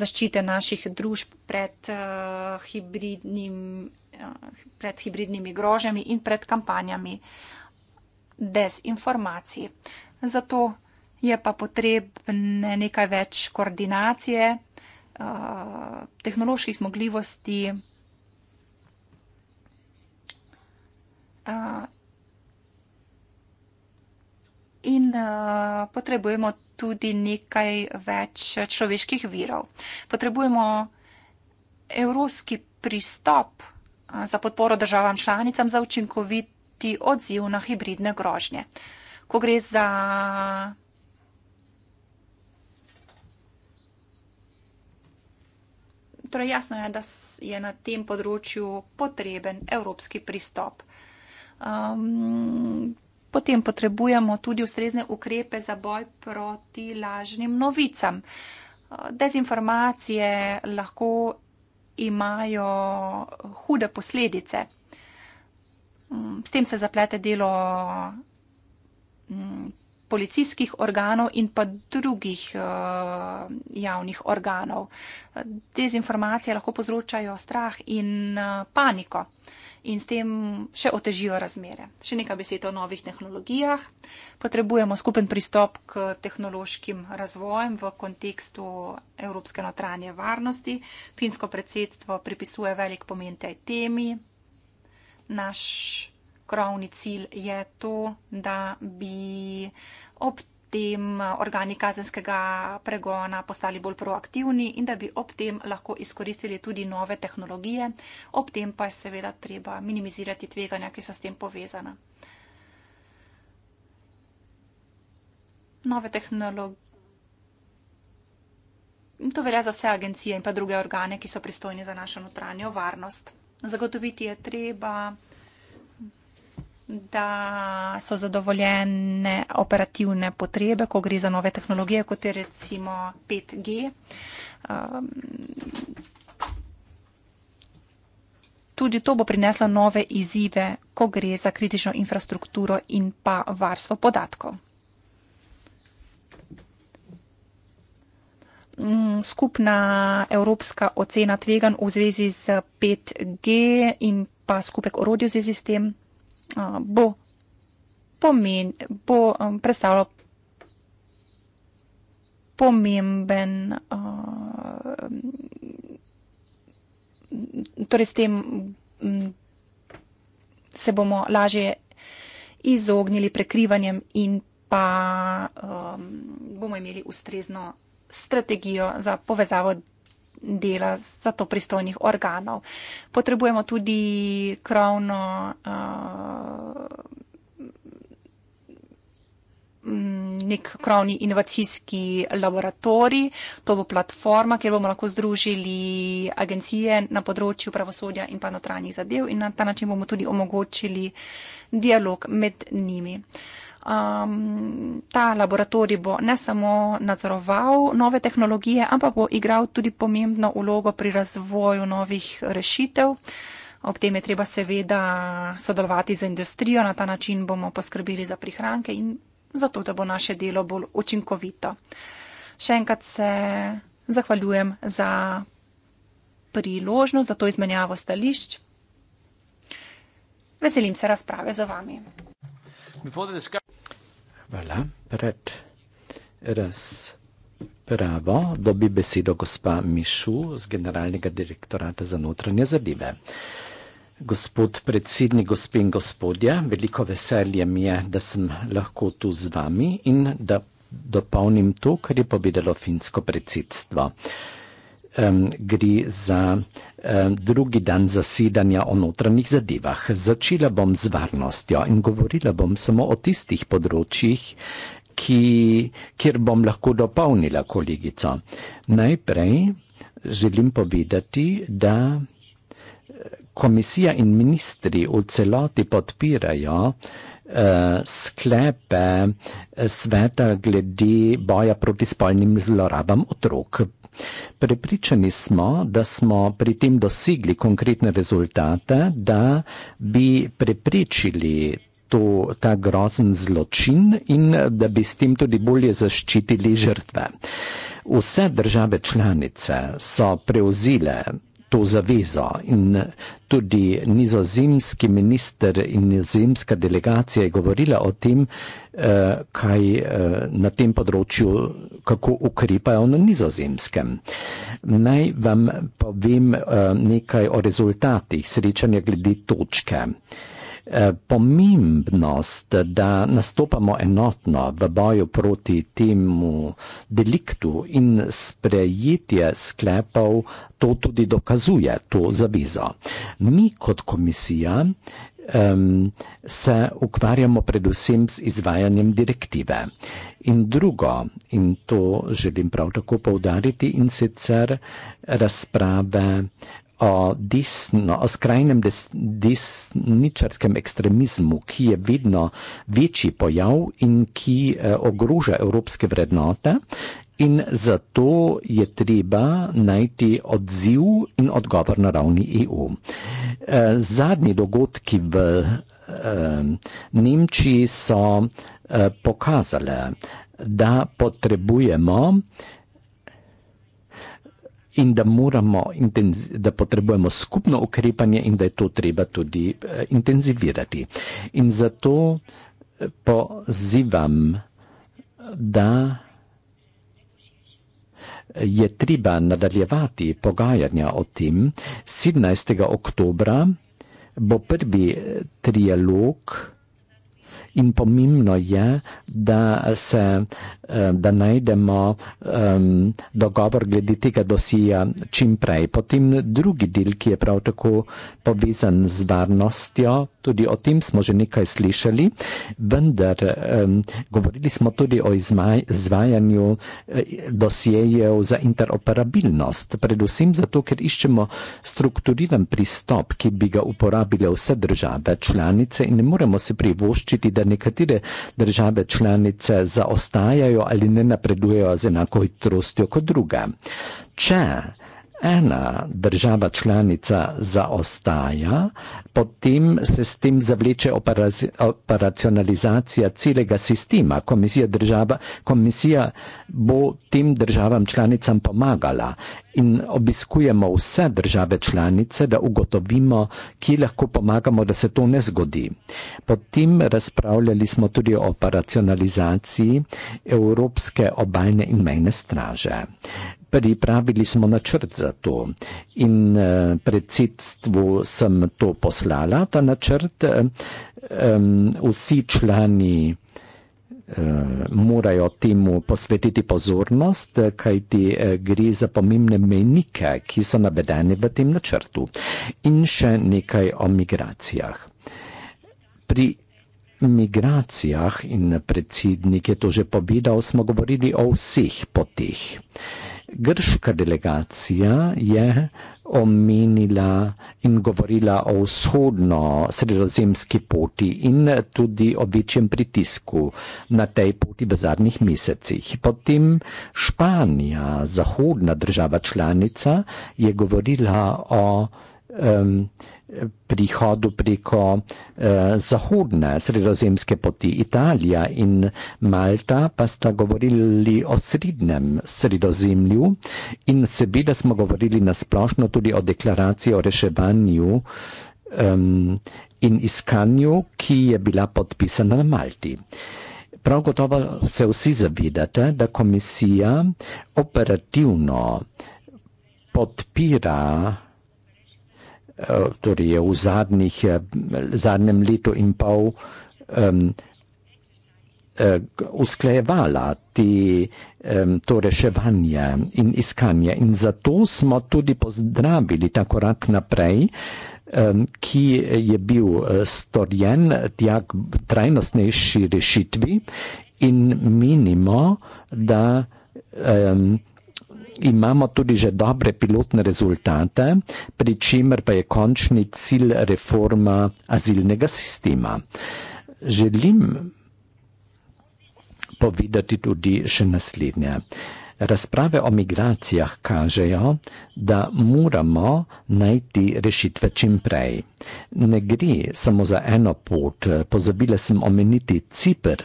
Speaker 2: zaščite naših družb pred, uh, hibridnim, uh, pred hibridnimi grožami in pred kampanjami dezinformacij. Zato je pa potrebne nekaj več koordinacije, uh, tehnoloških zmogljivosti in uh, potrebujemo tudi nekaj več človeških virov. Potrebujemo evropski pristop eh, za podporo državam članicam za učinkoviti odziv na hibridne grožnje. Ko gre za Torej, jasno je, da je na tem področju potreben evropski pristop. Um, Potem potrebujemo tudi ustrezne ukrepe za boj proti lažnim novicam. Dezinformacije lahko imajo hude posledice. S tem se zaplete delo policijskih organov in pa drugih uh, javnih organov. Dezinformacije lahko povzročajo strah in uh, paniko in s tem še otežijo razmere. Še nekaj besed o novih tehnologijah. Potrebujemo skupen pristop k tehnološkim razvojem v kontekstu evropske notranje varnosti. Finsko predsedstvo pripisuje velik pomen tej temi. Naš krovni cilj je to, da bi ob tem organi kazenskega pregona postali bolj proaktivni in da bi ob tem lahko izkoristili tudi nove tehnologije. Ob tem pa je seveda treba minimizirati tveganja, ki so s tem povezana. Nove tehnologije. To velja za vse agencije in pa druge organe, ki so pristojni za našo notranjo varnost. Zagotoviti je treba da so zadovoljene operativne potrebe, ko gre za nove tehnologije, kot je recimo 5G. Um, tudi to bo prineslo nove izzive, ko gre za kritično infrastrukturo in pa varstvo podatkov. Mm, skupna evropska ocena tvegan v zvezi z 5G in pa skupek orodij v zvezi s tem uh, bo, pomen, bo um, predstavljal pomemben, uh, torej s tem um, se bomo lažje izognili prekrivanjem in pa um, bomo imeli ustrezno strategijo za povezavo dela za to pristojnih organov. Potrebujemo tudi krovno eh, nek krovni inovacijski laboratorij, to bo platforma, kjer bomo lahko združili agencije na področju pravosodja in pa notranjih zadev in na ta način bomo tudi omogočili dialog med njimi. Uh, um, ta laboratorij bo ne samo nadzoroval nove tehnologije, ampak bo igral tudi pomembno ulogo pri razvoju novih rešitev. Ob tem je treba seveda sodelovati z industrijo, na ta način bomo poskrbeli za prihranke in zato, da bo naše delo bolj učinkovito. Še enkrat se zahvaljujem za priložnost, za to izmenjavo stališč. Veselim se razprave za vami.
Speaker 1: Before the discussion. Voilà. Pred razpravo dobi besedo gospa Mišu z Generalnega direktorata za notranje zadeve. Gospod predsednik, gospe in gospodje, veliko veselje mi je, da sem lahko tu z vami in da dopolnim to, kar je povedalo finsko predsedstvo um, gre za um, drugi dan zasedanja o notranjih zadevah. Začela bom z varnostjo in govorila bom samo o tistih področjih, ki, kjer bom lahko dopolnila kolegico. Najprej želim povedati, da eh, komisija in ministri v celoti podpirajo eh, sklepe eh, sveta glede boja proti spolnim zlorabam otrok. Prepričani smo, da smo pri tem dosegli konkretne rezultate, da bi preprečili to, ta grozen zločin in da bi s tem tudi bolje zaščitili žrtve. Vse države članice so prevzile to zavezo. In eh, tudi nizozemski minister in nizozemska delegacija je govorila o tem, eh, kaj eh, na tem področju, kako ukrepajo na nizozemskem. Naj vam povem nekaj o rezultatih srečanja glede točke. Eh, pomembnost, da nastopamo enotno v boju proti temu deliktu in sprejetje sklepov to tudi dokazuje, to zavezo. Mi kot komisija um, se ukvarjamo predvsem z izvajanjem direktive. In drugo, in to želim prav tako povdariti, in sicer razprave o desno, o skrajnem des, desničarskem ekstremizmu, ki je vedno večji pojav in ki eh, ogroža evropske vrednote. In zato je treba najti odziv in odgovor na ravni EU. Eh, zadnji dogodki v eh, Nemčiji so pokazali, da potrebujemo in da moramo, da potrebujemo skupno ukrepanje in da je to treba tudi eh, intenzivirati. In zato eh, pozivam, da eh, je treba nadaljevati pogajanja o tem. 17. oktobra bo prvi trialog in pomembno je, da se eh, da najdemo eh, dogovor glede tega dosija čim prej. Potem drugi del, ki je prav tako povezan z varnostjo, tudi o tem smo že nekaj slišali, vendar eh, govorili smo tudi o izvajanju eh, dosijejev za interoperabilnost, predvsem zato, ker iščemo strukturiran pristop, ki bi ga uporabile vse države članice in ne moremo se privoščiti, da nekatere države članice zaostajajo, ali ne napredujejo z enako hitrostjo kot druga. Če ena država članica zaostaja, potem se s tem zavleče operacionalizacija celega sistema. Komisija, država, komisija bo tem državam članicam pomagala in obiskujemo vse države članice, da ugotovimo, ki lahko pomagamo, da se to ne zgodi. Potem razpravljali smo tudi o operacionalizaciji Evropske obaljne in mejne straže pripravili smo načrt za to in eh, predsedstvu sem to poslala, ta načrt. Eh, vsi člani eh, morajo temu posvetiti pozornost, kajti gre za pomembne menike, ki so navedene v tem načrtu. In še nekaj o migracijah. Pri migracijah, in predsednik je to že povedal, smo govorili o vseh poteh. Grška delegacija je omenila in govorila o vzhodno-sredozemski poti in tudi o večjem pritisku na tej poti v zadnjih mesecih. Potem Španija, zahodna država članica, je govorila o um, prihodu preko eh, zahodne sredozemske poti. Italija in Malta pa sta govorili o srednjem sredozemlju in seveda smo govorili nasplošno tudi o deklaraciji o reševanju eh, in iskanju, ki je bila podpisana na Malti. Prav gotovo se vsi zavedate, da komisija operativno podpira Eh, tudi torej je v zadnjih, eh, zadnjem letu in pol um, uh, usklajevala te, um, to reševanje in iskanje. In zato smo tudi pozdravili ta korak naprej, um, ki je bil storjen tjak trajnostnejši rešitvi in menimo, da um, imamo tudi že dobre pilotne rezultate, pri čemer pa je končni cilj reforma azilnega sistema. Želim povedati tudi še naslednje. Razprave o migracijah kažejo, da moramo najti rešitve čim prej. Ne gre samo za eno pot, pozabila sem omeniti Cipr.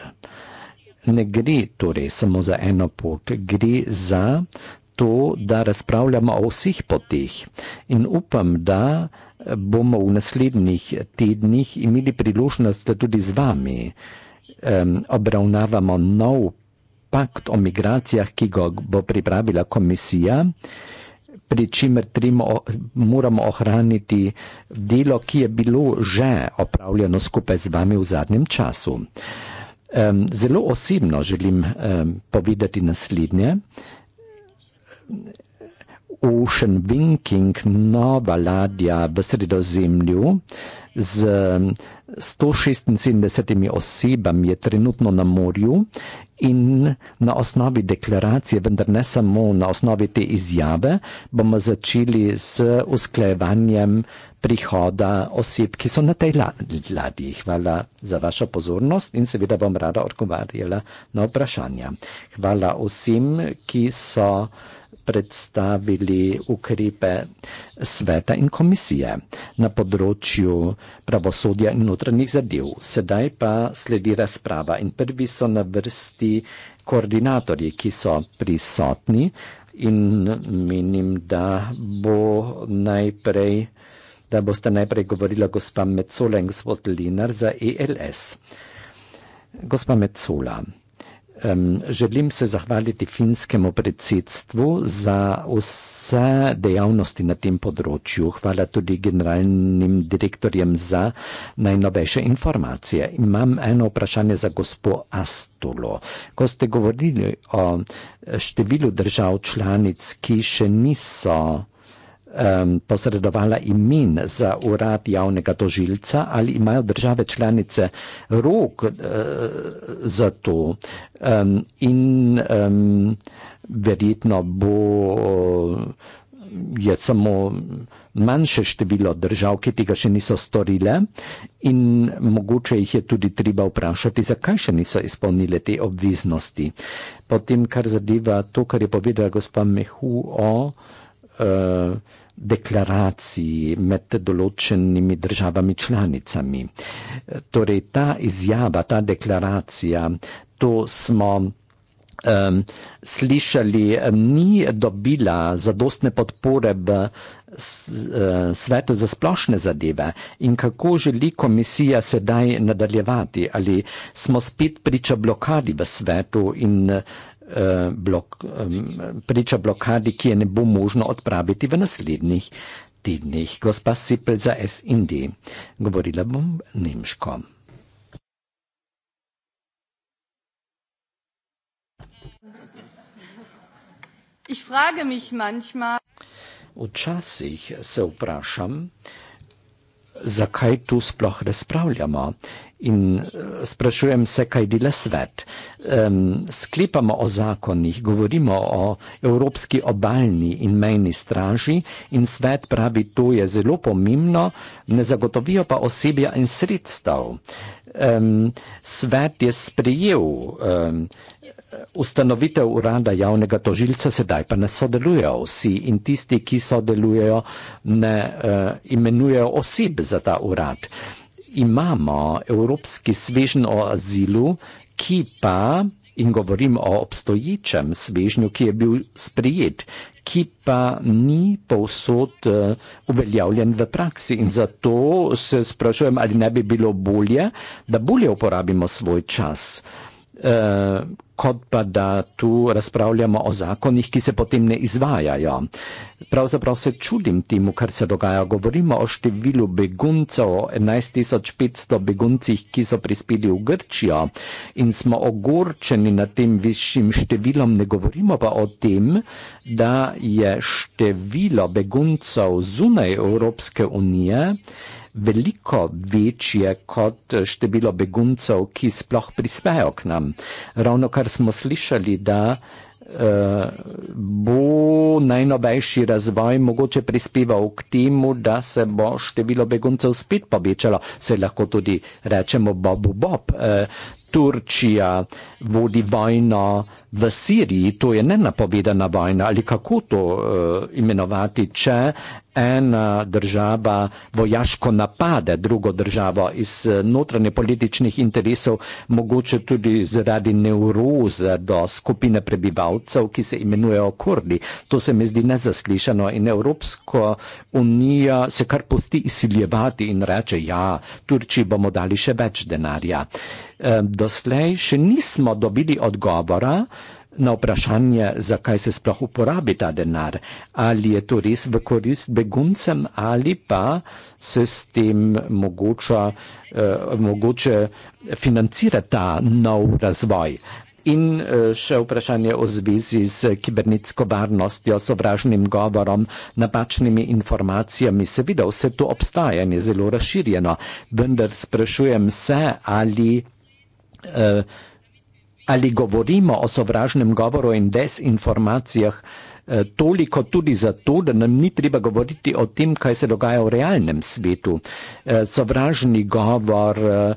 Speaker 1: Ne gre torej samo za eno pot, gre za to, da razpravljamo o vseh poteh. In upam, da eh, bomo v naslednjih tednih imeli priložnost, da tudi z vami um, obravnavamo nov pakt o migracijah, ki ga bo pripravila komisija, pri čemer moramo ohraniti delo, ki je bilo že opravljeno skupaj z vami v zadnjem času. Um, zelo osebno želim um, povedati naslednje ocean winking nova ladja v sredozemlju z 176 osebami je trenutno na morju in na osnovi deklaracije, vendar ne samo na osnovi te izjave, bomo začeli z usklejevanjem prihoda oseb, ki so na tej ladji. Hvala za vašo pozornost in seveda bom rada odgovarjala na vprašanja. Hvala vsem, ki so predstavili ukrepe sveta in komisije na področju pravosodja in notranjih zadev. Sedaj pa sledi razprava in prvi so na vrsti koordinatorji, ki so prisotni in menim, da bo najprej da boste najprej govorila gospa Mecola in gospod Linar za ELS. Gospa Mecola, Um, želim se zahvaliti finskemu predsedstvu za vse dejavnosti na tem področju. Hvala tudi generalnim direktorjem za najnovejše informacije. Imam eno vprašanje za gospo Astolo. Ko ste govorili o številu držav članic, ki še niso um, posredovala imen za urad javnega tožilca ali imajo države članice rok uh, za to. Um, in um, verjetno bo. Uh, Je samo manjše število držav, ki tega še niso storile, in mogoče jih je tudi treba vprašati, zakaj še niso izpolnile te obveznosti. Potem, kar zadeva to, kar je povedala gospa Mehu o. Uh, deklaraciji med določenimi državami članicami. Torej ta izjava, ta deklaracija, to smo um, slišali, ni dobila zadostne podpore v eh, svetu za splošne zadeve in kako želi komisija sedaj nadaljevati, ali smo spet priča blokadi v svetu in uh, Eh, blok, priča blokadi, ki je ne bo možno odpraviti v naslednjih tednih. Gospa Sipel za SND, govorila bom nemško.
Speaker 3: Ich frage mich manchmal.
Speaker 1: Včasih se vprašam, zakaj tu sploh razpravljamo in eh, sprašujem se, kaj dela svet. Um, sklepamo o zakonih, govorimo o Evropski obaljni in mejni straži in svet pravi, to je zelo pomembno, ne zagotovijo pa osebja in sredstev. Um, svet je sprejel um, ustanovitev urada javnega tožilca, sedaj pa ne sodelujejo vsi in tisti, ki sodelujejo, ne uh, imenujejo oseb za ta urad imamo evropski svežen o azilu, ki pa, in govorim o obstoječem svežnju, ki je bil sprejet, ki pa ni povsod eh, uveljavljen v praksi. In zato se sprašujem, ali ne bi bilo bolje, da bolje uporabimo svoj čas. Uh, Eh, kot pa da tu razpravljamo o zakonih, ki se potem ne izvajajo. Pravzaprav se čudim temu, kar se dogaja. Govorimo o številu beguncev, 11500 beguncih, ki so prispeli v Grčijo in smo ogorčeni nad tem višjim številom, ne govorimo pa o tem, da je število beguncev zunaj Evropske unije veliko večje kot število beguncev, ki sploh prispejo k nam. Ravno kar smo slišali, da eh, bo najnovejši razvoj mogoče prispeval k temu, da se bo število beguncev spet povečalo. Se lahko tudi rečemo Bob Bob. Eh, Turčija vodi vojno v Siriji to je nenapovedana vojna ali kako to uh, imenovati, če ena država vojaško napade drugo državo iz eh, notranje političnih interesov, mogoče tudi zaradi neuroze do skupine prebivalcev, ki se imenujejo Kurdi. To se mi zdi nezaslišano in Evropsko unija se kar posti izsiljevati in reče, ja, Turčiji bomo dali še več denarja. Eh, doslej še nismo dobili odgovora, Na vprašanje, zakaj se sploh uporabi ta denar, ali je to res v korist beguncem ali pa se s tem mogoča, eh, mogoče financira ta nov razvoj. In eh, še vprašanje o zvezi z kibernetsko varnostjo, sovražnim govorom, napačnimi informacijami. Seveda vse to obstaja in je zelo razširjeno, vendar sprašujem se ali. Eh, ali govorimo o sovražnem govoru in desinformacijah eh, toliko tudi zato, da nam ni treba govoriti o tem, kaj se dogaja v realnem svetu. Eh, sovražni govor, eh,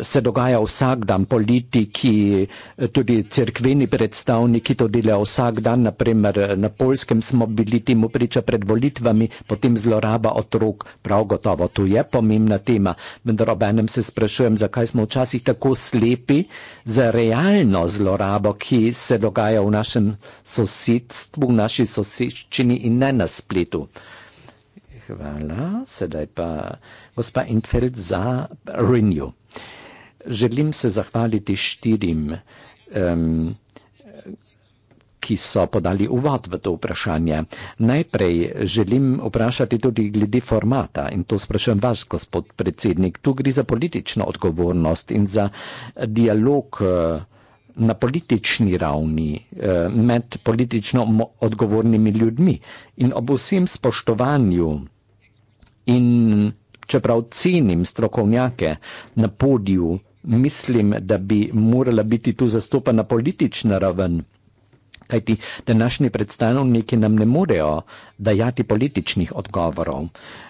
Speaker 1: se dogaja vsak dan, politiki, eh, tudi crkveni predstavniki to delajo vsak dan, naprimer na eh, Polskem smo bili temu priča pred volitvami, potem zloraba otrok, prav gotovo, to je pomembna tema, vendar ob enem se sprašujem, zakaj smo včasih tako slepi za realno zlorabo, ki se dogaja v našem sosedstvu, v naši soseščini in ne na spletu. Hvala, sedaj pa gospa Intfeld za Renew. Želim se zahvaliti štirim, um, ki so podali uvod v to vprašanje. Najprej želim vprašati tudi glede formata in to sprašujem vas, gospod predsednik. Tu gre za politično odgovornost in za dialog. Eh, na politični ravni eh, med politično odgovornimi ljudmi in ob vsem spoštovanju, in čeprav cenim strokovnjake na podiju, mislim, da bi morala biti tu zastopana politična raven. Kajti današnji predstavniki nam ne morejo dajati političnih odgovorov.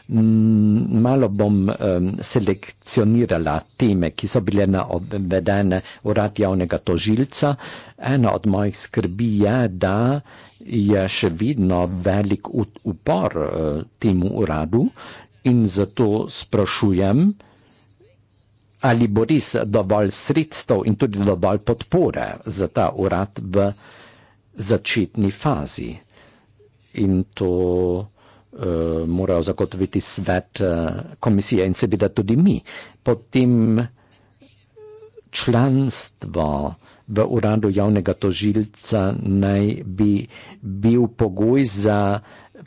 Speaker 1: Mm, malo bom um, selekcionirala teme, ki so bile navedene v rad javnega tožilca. Ena od mojih skrbi je, da je še vedno velik upor uh, temu uradu in zato sprašujem, uh, ali bo res dovolj sredstev in tudi dovolj podpore za ta urad v začetni fazi. In to uh, mora zagotoviti svet uh, komisije in seveda tudi mi. Potem eh, članstvo v uradu javnega tožilca naj bi bil pogoj za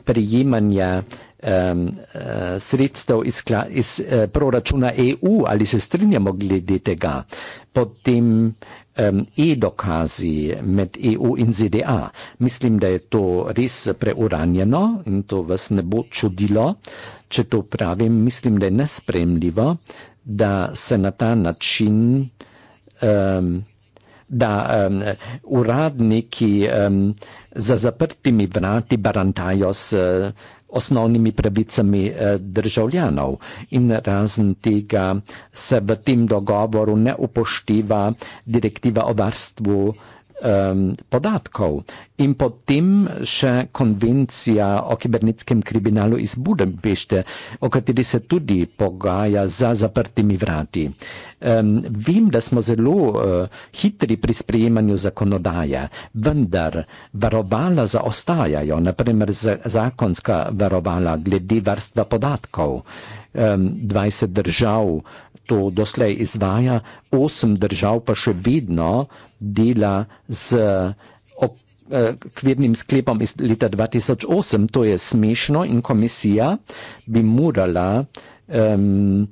Speaker 1: prijemanje um, eh, sredstev iz, iz uh, proračuna EU, ali se strinjamo glede tega, potem um, e-dokazi med EU in ZDA. Mislim, da je to res preuranjeno in to vas ne bo čudilo, če to pravim, mislim, da je nespremljivo, da se na ta način um, da um, uradniki um, za zaprtimi vrati barantajo s uh, osnovnimi pravicami uh, državljanov in razen tega se v tem dogovoru ne upošteva direktiva o varstvu uh, um, podatkov in potem še konvencija o kibernetskem kriminalu iz Budimpešte, o kateri se tudi pogaja za zaprtimi vrati. Um, vem, da smo zelo uh, hitri pri sprejemanju zakonodaje, vendar varovala zaostajajo, naprimer zakonska varovala glede varstva podatkov. Um, 20 držav uh, to doslej izvaja, osem držav pa še vedno dela z eh, okvirnim sklepom iz leta 2008. To je smešno in komisija bi morala um,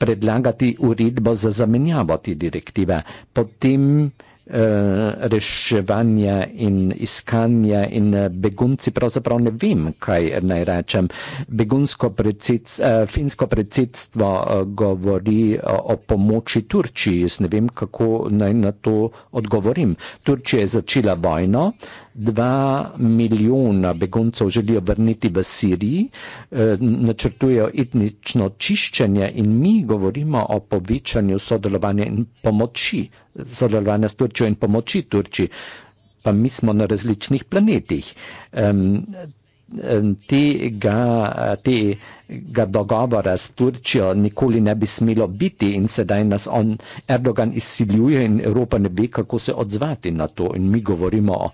Speaker 1: predlagati uredbo za zamenjavo te direktive. Potem Eh, reševanja in iskanja in eh, begunci, pravzaprav ne vem, kaj naj rečem. Begunsko predsedstvo, eh, finsko predsedstvo govori o pomoči Turčiji, jaz ne vem, kako naj na to odgovorim. Turčija je začela vojno, dva milijona beguncev želijo vrniti v Siriji, načrtujejo etnično čiščenje in mi govorimo o povečanju sodelovanja in pomoči sodelovanja s Turčijo in pomoči Turčiji, pa mi smo na različnih planetih. Um, tega, tega dogovora s Turčijo nikoli ne bi smelo biti in sedaj nas on, Erdogan izsiljuje in Evropa ne ve, kako se odzvati na to. In mi govorimo o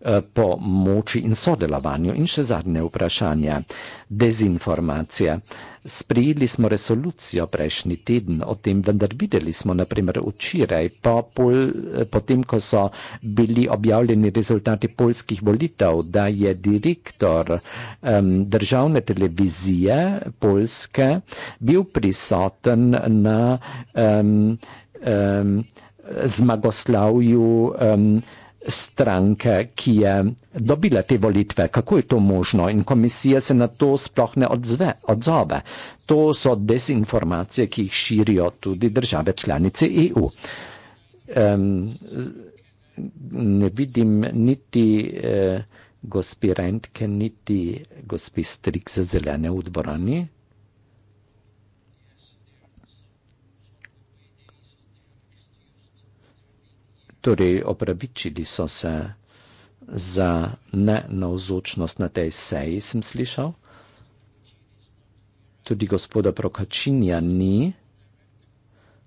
Speaker 1: eh, pomoči in sodelovanju. In še zadnje vprašanje. Dezinformacija. Sprijeli smo resolucijo prejšnji teden o tem, vendar videli smo naprimer včeraj, po pol, eh, potem, ko so bili objavljeni rezultati polskih volitev, da je direktor um, državne televizije polske bil prisoten na um, um, zmagoslavju. Um, stranke, ki je dobila te volitve. Kako je to možno in komisija se na to sploh ne odzve, odzove? To so dezinformacije, ki jih širijo tudi države članice EU. Um, ne vidim niti eh, gospi Rentke, niti gospi Strik za zelene v dvorani. Torej, opravičili so se za ne navzočnost na tej seji, sem slišal. Tudi gospoda Prokačinja ni,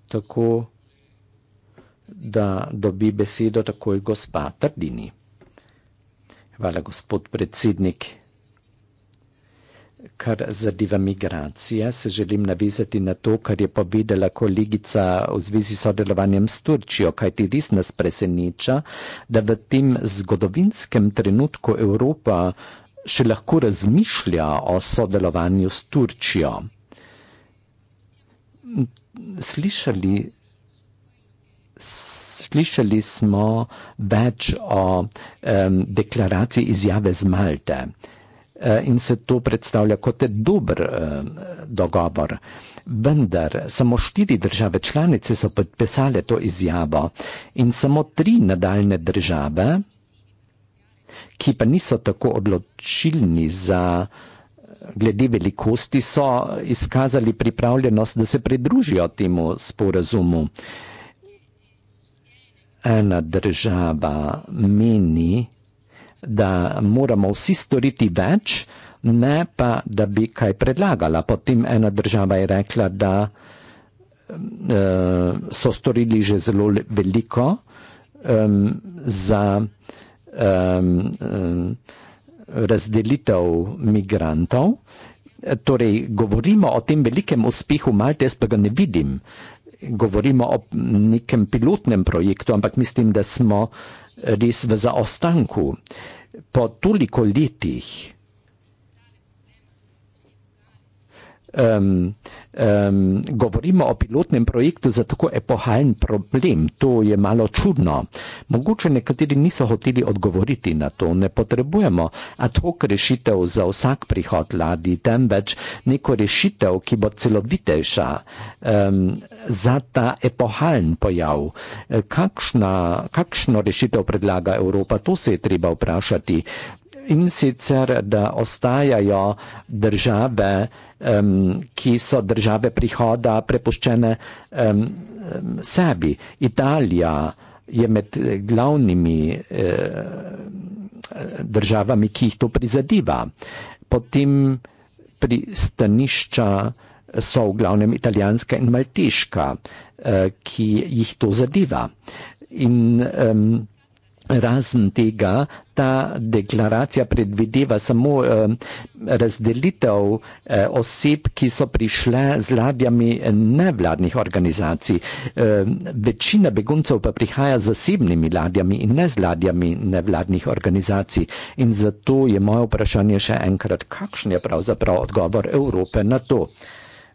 Speaker 1: tako da dobi besedo takoj gospa Trdini. Hvala, gospod predsednik kar zadeva migracije, se želim navezati na to, kar je povedala kolegica v zvezi s sodelovanjem s Turčijo, kaj ti res nas preseneča, da v tem zgodovinskem trenutku Evropa še lahko razmišlja o sodelovanju s Turčijo. Slišali, slišali smo več o um, deklaraciji izjave z Malte. Eh, in se to predstavlja kot dober eh, dogovor. Vendar samo štiri države članice so podpisale to izjavo in samo tri nadaljne države, ki pa niso tako odločilni za eh, glede velikosti, so izkazali pripravljenost, da se pridružijo temu sporazumu. Ena država meni, da moramo vsi storiti več, ne pa, da bi kaj predlagala. Potem ena država je rekla, da uh, so storili že zelo veliko um, za um, razdelitev migrantov. Torej, govorimo o tem velikem uspehu Malte, jaz pa ga ne vidim. Govorimo o nekem pilotnem projektu, ampak mislim, da smo res v zaostanku. Uh, po toliko letih um, um, govorimo o pilotnem projektu za tako epohalen problem. To je malo čudno. Mogoče nekateri niso hoteli odgovoriti na to. Ne potrebujemo ad hoc rešitev za vsak prihod ladi, temveč neko rešitev, ki bo celovitejša um, za ta epohalen pojav. Kakšna, kakšno rešitev predlaga Evropa? To se je treba vprašati in sicer da ostajajo države, um, ki so države prihoda prepuščene um, um, sebi. Italija je med glavnimi eh, državami, ki jih to prizadeva. Potem pristanišča so v glavnem italijanska in maltiška, eh, ki jih to zadeva. In, eh, Razen tega, ta deklaracija predvideva samo eh, razdelitev eh, oseb, ki so prišle z ladjami nevladnih organizacij. Eh, večina beguncev pa prihaja z zasebnimi ladjami in ne z ladjami nevladnih organizacij. In zato je moje vprašanje še enkrat, kakšen je pravzaprav odgovor Evrope na to.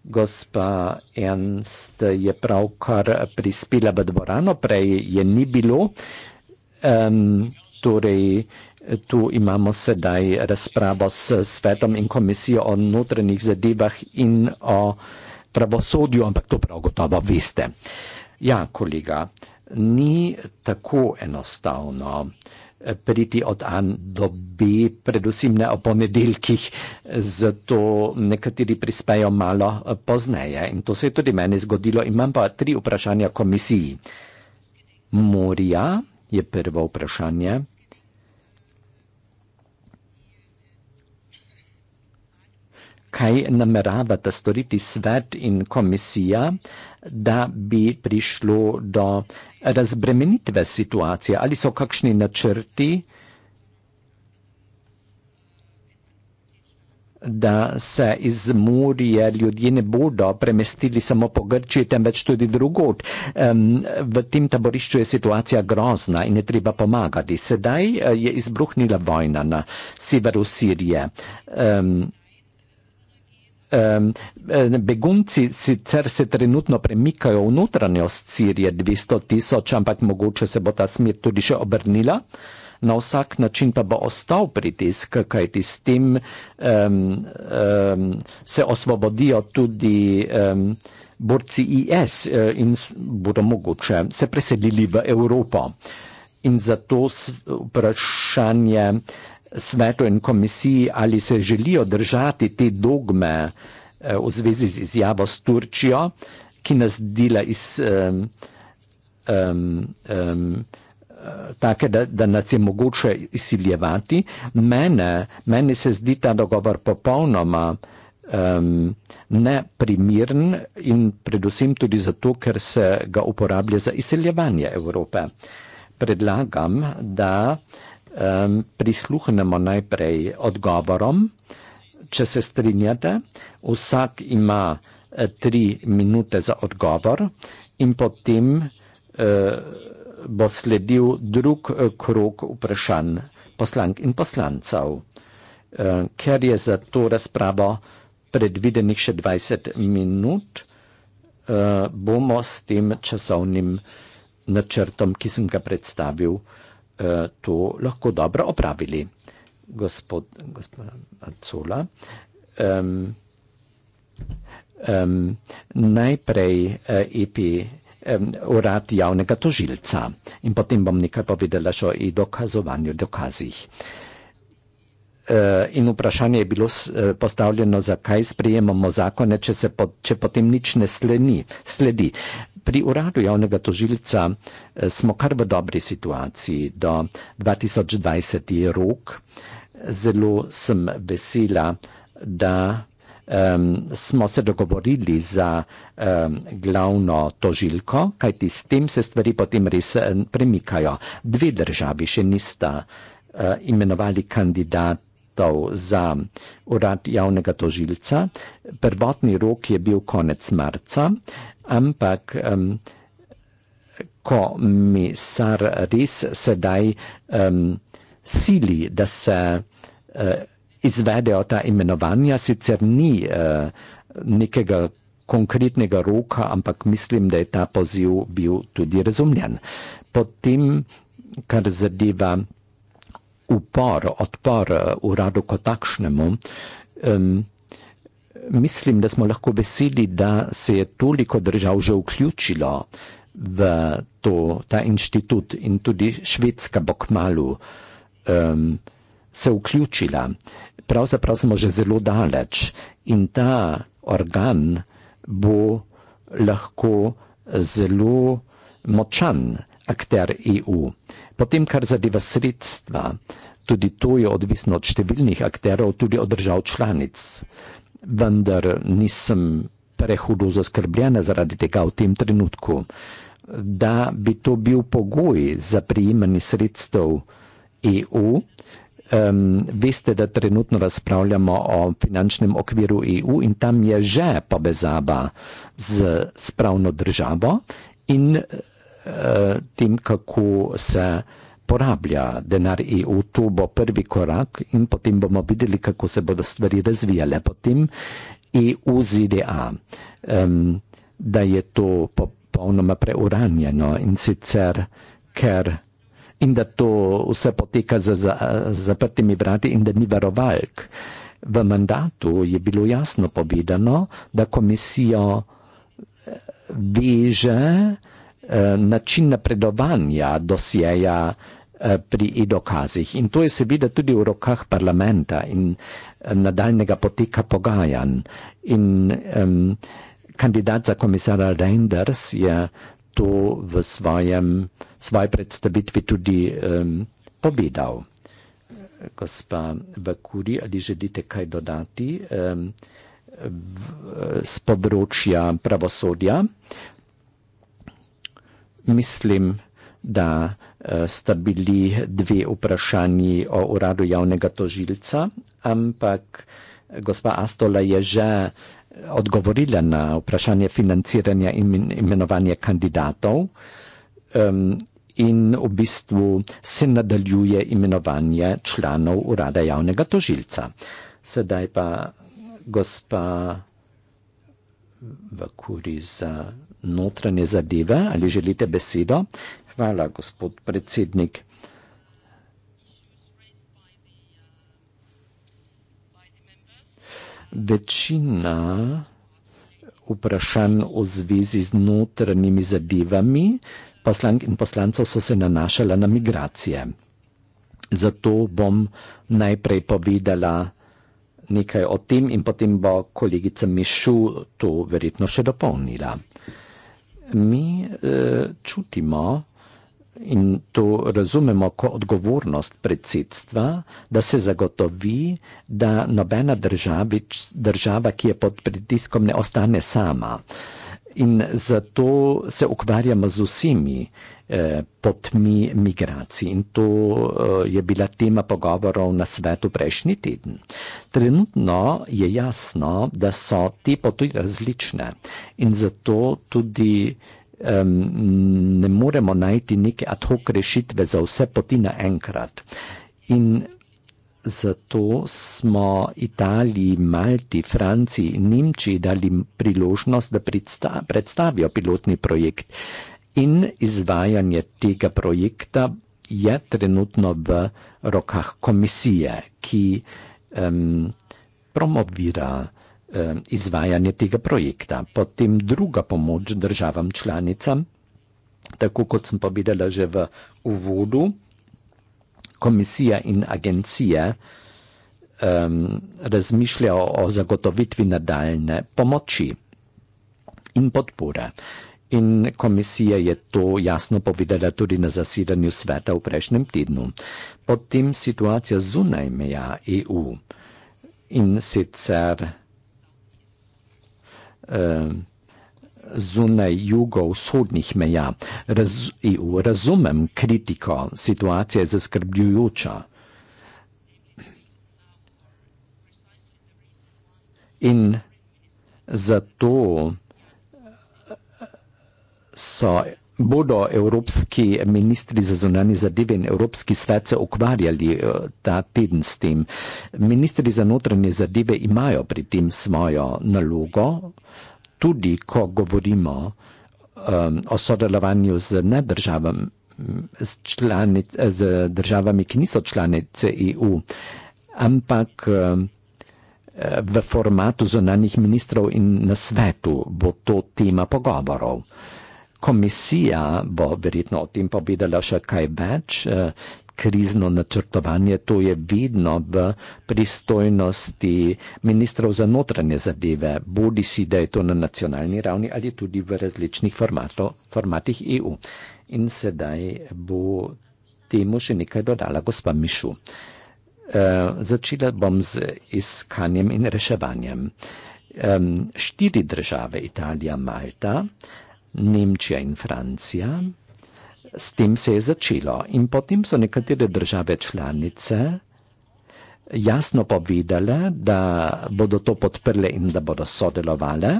Speaker 1: Gospa Ernst je pravkar prispela v dvorano, prej je ni bilo. Eh, um, torej, tu imamo sedaj razpravo s svetom in komisijo o notranjih zadevah in o pravosodju, ampak to prav gotovo veste. Ja, kolega, ni tako enostavno eh, priti od A do B, predvsem ne o ponedeljkih, zato nekateri prispejo malo eh, pozneje. In to se je tudi meni zgodilo. Imam pa tri vprašanja komisiji. Morja je prvo vprašanje. Kaj nameravata storiti svet in komisija, da bi prišlo do razbremenitve situacije? Ali so kakšni načrti? da se iz Murije ljudje ne bodo premestili samo po Grčiji, temveč tudi drugot. Um, v tem taborišču je situacija grozna in je treba pomagati. Sedaj eh, je izbruhnila vojna na severu Sirije. Um, Um, begunci sicer se trenutno premikajo v notranjost Sirije 200 tisoč, ampak mogoče se bo ta smer tudi še obrnila. Uh, na vsak način pa bo ostal pritisk, kajti s tem um, um, se osvobodijo tudi um, borci IS e, in bodo mogoče se preselili v Evropo. In zato vprašanje svetu in komisiji, ali se želijo držati te dogme e, v zvezi z izjavo s Turčijo, ki nas dela iz um, um, um, take, da, da nas je mogoče izsiljevati. Mene, meni se zdi ta dogovor popolnoma um, neprimiren in predvsem tudi zato, ker se ga uporablja za izsiljevanje Evrope. Predlagam, da um, prisluhnemo najprej odgovorom, če se strinjate, vsak ima eh, tri minute za odgovor in potem uh, bo sledil drug eh, krok vprašanj poslank in poslancev, eh, ker je za to razpravo predvidenih še 20 minut, eh, bomo s tem časovnim načrtom, ki sem ga predstavil, to lahko dobro opravili. Gospod, gospod Acola, um, um, najprej EPI. E urad javnega tožilca. In potem bom nekaj povedala še o dokazovanju dokazih. E, in vprašanje je bilo e, postavljeno, zakaj sprejemamo zakone, če, se po, če potem nič ne sledi. sledi. Pri uradu javnega tožilca e, smo kar v dobri situaciji do 2020. rok. Zelo sem vesela, da um, smo se dogovorili za um, glavno tožilko, kajti s tem se stvari potem res premikajo. Dve državi še nista uh, imenovali kandidata. Za urad javnega tožilca. Prvotni rok je bil konec marca, ampak um, ko mi sar res sedaj um, sili, da se uh, izvedejo ta imenovanja, sicer ni eh, nekega konkretnega roka, ampak mislim, da je ta poziv bil tudi razumljen. Potem, kar zadeva upor, odpor eh, uradu kot takšnemu, um, mislim, da smo lahko veseli, da se je toliko držav že vključilo v to, ta inštitut in tudi švedska bo kmalu. Um, se vključila. Pravzaprav smo že zelo daleč in ta organ bo lahko zelo močan akter EU. Potem, kar zadeva sredstva, tudi to je odvisno od številnih akterov, tudi od držav članic. Vendar nisem prehudo zaskrbljena zaradi tega v tem trenutku, da bi to bil pogoj za prijemanje sredstev EU um, veste, da trenutno razpravljamo o finančnem okviru EU in tam je že povezava z spravno državo in uh, tem, kako se porablja denar EU. To bo prvi korak in potem bomo videli, kako se bodo stvari razvijale. Potem EU ZDA, um, da je to popolnoma preuranjeno in sicer ker in da to vse poteka za zaprtimi vrati in da ni varovalk. V mandatu je bilo jasno povedano, da komisijo eh, veže eh, način napredovanja dosjeja eh, pri e-dokazih in to je seveda tudi v rokah parlamenta in nadaljnega poteka pogajanj. In um, kandidat za komisara Reinders je to v svojem uh, svoji predstavitvi tudi um, povedal. Gospa Vakuri, ali želite kaj dodati um, v, z področja pravosodja? Mislim, da uh, sta bili dve vprašanji o uradu javnega tožilca, ampak gospa Astola je že odgovorila na vprašanje financiranja in imenovanja kandidatov. Um, in v bistvu se nadaljuje imenovanje članov urada javnega tožilca. Sedaj pa gospa Vakuri za notranje zadeve, ali želite besedo? Hvala, gospod predsednik. Večina vprašanj v zvezi z notranjimi zadevami poslank in poslancev so se nanašala na migracije. Zato bom najprej povedala nekaj o tem in potem bo kolegica Mišu to verjetno še dopolnila. Mi e, čutimo in to razumemo kot odgovornost predsedstva, da se zagotovi, da nobena država, država ki je pod pritiskom, ne ostane sama. E, In zato se ukvarjamo z vsemi eh, potmi migracij. In to eh, je bila tema pogovorov na svetu prejšnji teden. Trenutno je jasno, da so te poti različne in zato tudi eh, ne moremo najti neke ad hoc rešitve za vse poti naenkrat. In zato smo Italiji, Malti, Franciji in Nemčiji dali priložnost, da predsta predstavijo pilotni projekt. In izvajanje tega projekta je trenutno v rokah komisije, ki um, promovira um, izvajanje tega projekta. Potem druga pomoč državam članicam, tako kot sem povedala že v uvodu komisija in agencije um, razmišljajo o zagotovitvi nadaljne pomoči in podpore. In komisija je to jasno povedala tudi na zasedanju sveta v prejšnjem tednu. Potem situacija zunaj meja EU in sicer. Um, zunaj jugovzhodnih meja. Raz, EU, razumem kritiko, situacija je zaskrbljujoča. In zato eh, so, bodo evropski ministri za zunanje zadeve in evropski svet se ukvarjali eh, ta teden s tem. Ministri za notranje zadeve imajo pri tem svojo nalogo, uh, tudi ko govorimo um, o sodelovanju z, državam, z, člani, z državami, ki niso članice EU, ampak um, v formatu zonanih ministrov in na svetu bo to tema pogovorov. Komisija bo verjetno o tem povedala še kaj več, uh, krizno načrtovanje, to je vedno v pristojnosti ministrov za notranje zadeve, bodi si, da je to na nacionalni ravni ali tudi v različnih formato, formatih EU. In sedaj bo temu še nekaj dodala gospa Mišu. E, začela bom z iskanjem in reševanjem. E, štiri države, Italija, Malta, Nemčija in Francija, S tem se je začelo in potem so nekatere države članice jasno povedale, da bodo to podprle in da bodo sodelovale.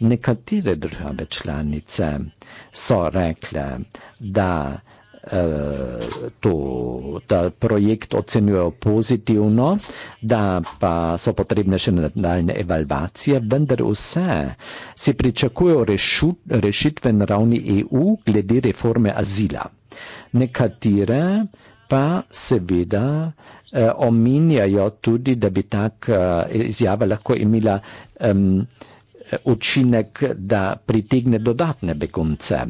Speaker 1: Nekatere države članice so rekle, da Eh, to, ta projekt ocenjujejo pozitivno, da pa so potrebne še nadaljne evalvacije, vendar vse se pričakujejo rešitve na ravni EU glede reforme azila. Nekatere pa seveda eh, omenjajo tudi, da bi tak eh, izjava lahko imela um, učinek, da pritegne dodatne begunce.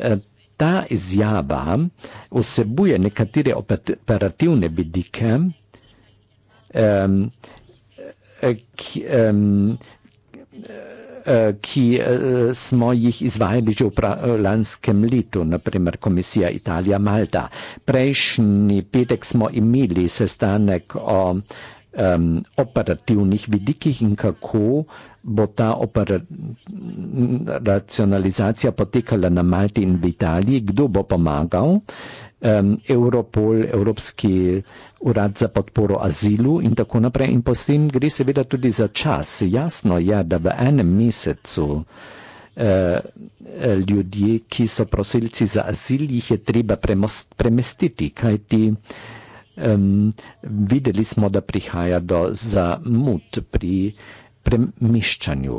Speaker 1: Eh, ta izjava vsebuje nekatere operativne vidike, um, ki, um, ki eh, smo jih izvajali že v lanskem letu, naprimer Komisija Italija-Malta. Prejšnji petek smo imeli sestanek o um, operativnih vidikih in kako bo ta operacionalizacija potekala na Malti in v Italiji, kdo bo pomagal. Um, Europol, Evropski urad za podporo azilu in tako naprej. In potem gre seveda tudi za čas. Jasno je, da v enem mesecu eh, ljudje, ki so prosilci za azil, jih je treba premestiti, kajti um, videli smo, da prihaja do zamud pri premiščanju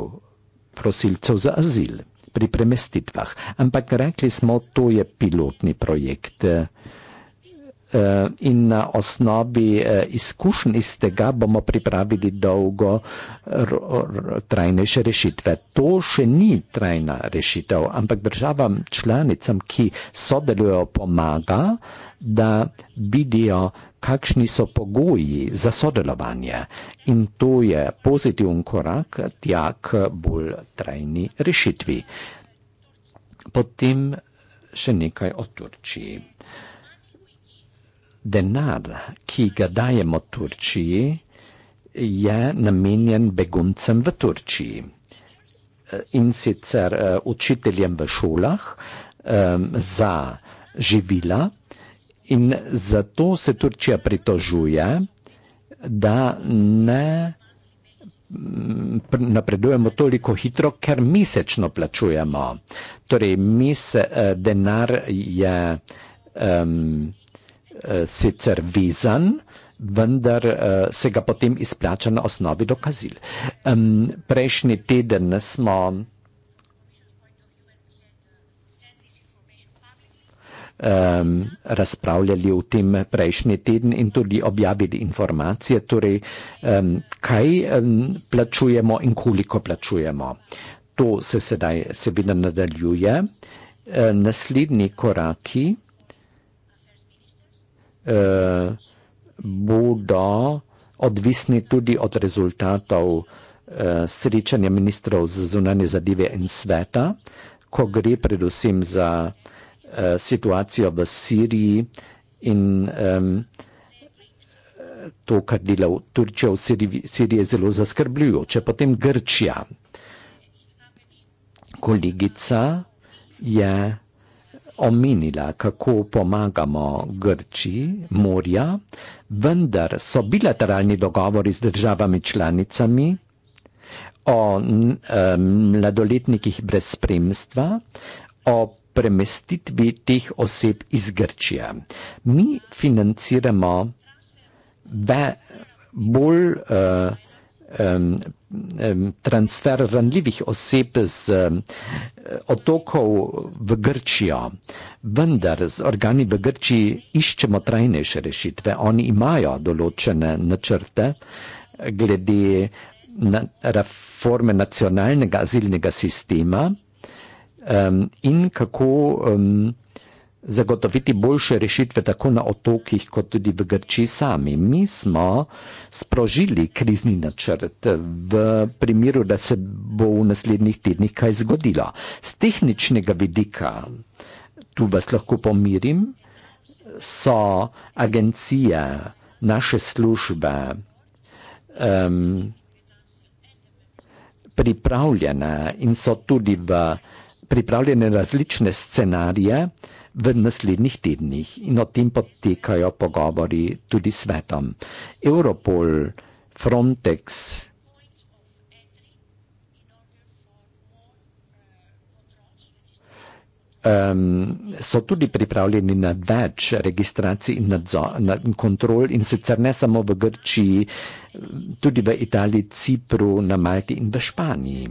Speaker 1: prosilcev za azil, pri premestitvah. Ampak rekli smo, to je pilotni projekt. Uh, Eh, in na osnovi eh, izkušenj iz tega bomo pripravili dolgo trajnejše rešitve. To še ni trajna rešitev, ampak državam članicam, ki sodelujo, pomaga, da vidijo, kakšni so pogoji za sodelovanje in to je pozitiven korak tja k bolj trajni rešitvi. Potem še nekaj o Turčiji denar, ki ga dajemo Turčiji, je namenjen beguncem v Turčiji in sicer eh, učiteljem v šolah za živila in zato se Turčija pritožuje, da ne napredujemo toliko hitro, ker mesečno plačujemo. Torej, eh, denar je vsega, uh, sicer vezan, vendar uh, se ga potem izplača na osnovi dokazil. Um, prejšnji teden smo. Um, razpravljali v tem prejšnji teden in tudi objavili informacije, torej, um, kaj um, plačujemo in koliko plačujemo. To se sedaj seveda nadaljuje. Uh, naslednji koraki eh, bodo odvisni tudi od rezultatov eh, srečanja ministrov z zunanje zadeve in sveta, ko gre predvsem za eh, situacijo v Siriji in eh, to, kar dela v Turčijo v Siriji, Siriji je zelo zaskrbljujoče. Potem Grčija. Kolegica je omenila, kako pomagamo Grči, morja, vendar so bilateralni dogovori z državami članicami o mladoletnikih brez spremstva, o premestitvi teh oseb iz Grčije. Mi financiramo bolj uh, um, um, transfer ranljivih oseb z um, otokov v Grčijo. Vendar z organi v Grčiji iščemo trajnejše rešitve. Oni imajo določene načrte glede na reforme nacionalnega azilnega sistema um, in kako um, zagotoviti boljše rešitve tako na otokih, kot tudi v Grči sami. Mi smo sprožili krizni načrt v primeru, da se bo v naslednjih tednih kaj zgodilo. Z tehničnega vidika, tu vas lahko pomirim, so agencije, naše službe um, pripravljene in so tudi v pripravljene različne scenarije, v naslednjih tednih in o tem potekajo pogovori tudi s svetom. Europol, Frontex, Um, so tudi pripravljeni na več registracij in nadzor, na kontrol in sicer ne samo v Grčiji, tudi v Italiji, Cipru, na Malti in v Španiji.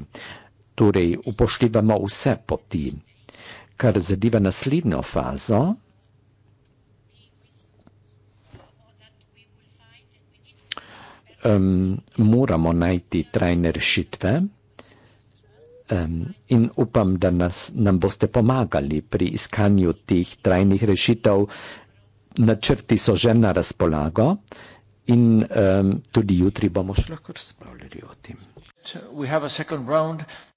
Speaker 1: Torej upoštevamo vse poti kar zadeva naslednjo fazo, um, moramo najti trajne rešitve um, in upam, da nas, nam boste pomagali pri iskanju teh trajnih rešitev. Načrti so že na razpolago. In um, tudi jutri bomo še lahko razpravljali o tem.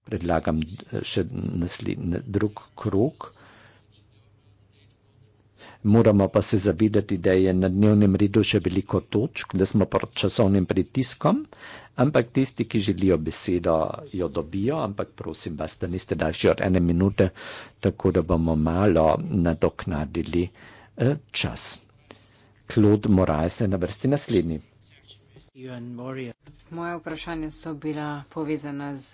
Speaker 1: Predlagam eh, še naslednji drug krok. Moramo pa se zavedati, da je na dnevnem redu še veliko točk, da smo pod časovnim pritiskom, ampak tisti, ki želijo besedo, jo dobijo, ampak prosim vas, da niste daljši od ene minute, tako da bomo malo nadoknadili eh, čas. Claude Morales je na vrsti naslednji.
Speaker 3: Moje vprašanje so bila povezana z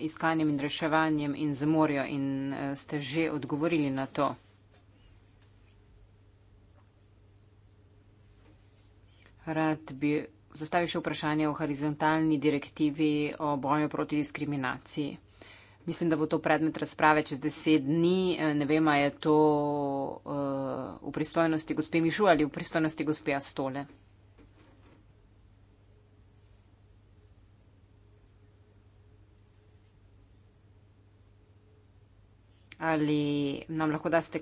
Speaker 3: iskanjem in reševanjem in z morjo in eh, ste že odgovorili na to. Rad bi zastavil še vprašanje o horizontalni direktivi o boju proti diskriminaciji. Mislim, da bo to predmet razprave čez deset dni. Eh, ne vem, ali je to uh, v pristojnosti gospe Mišu ali v pristojnosti gospe Astole. Ali nam,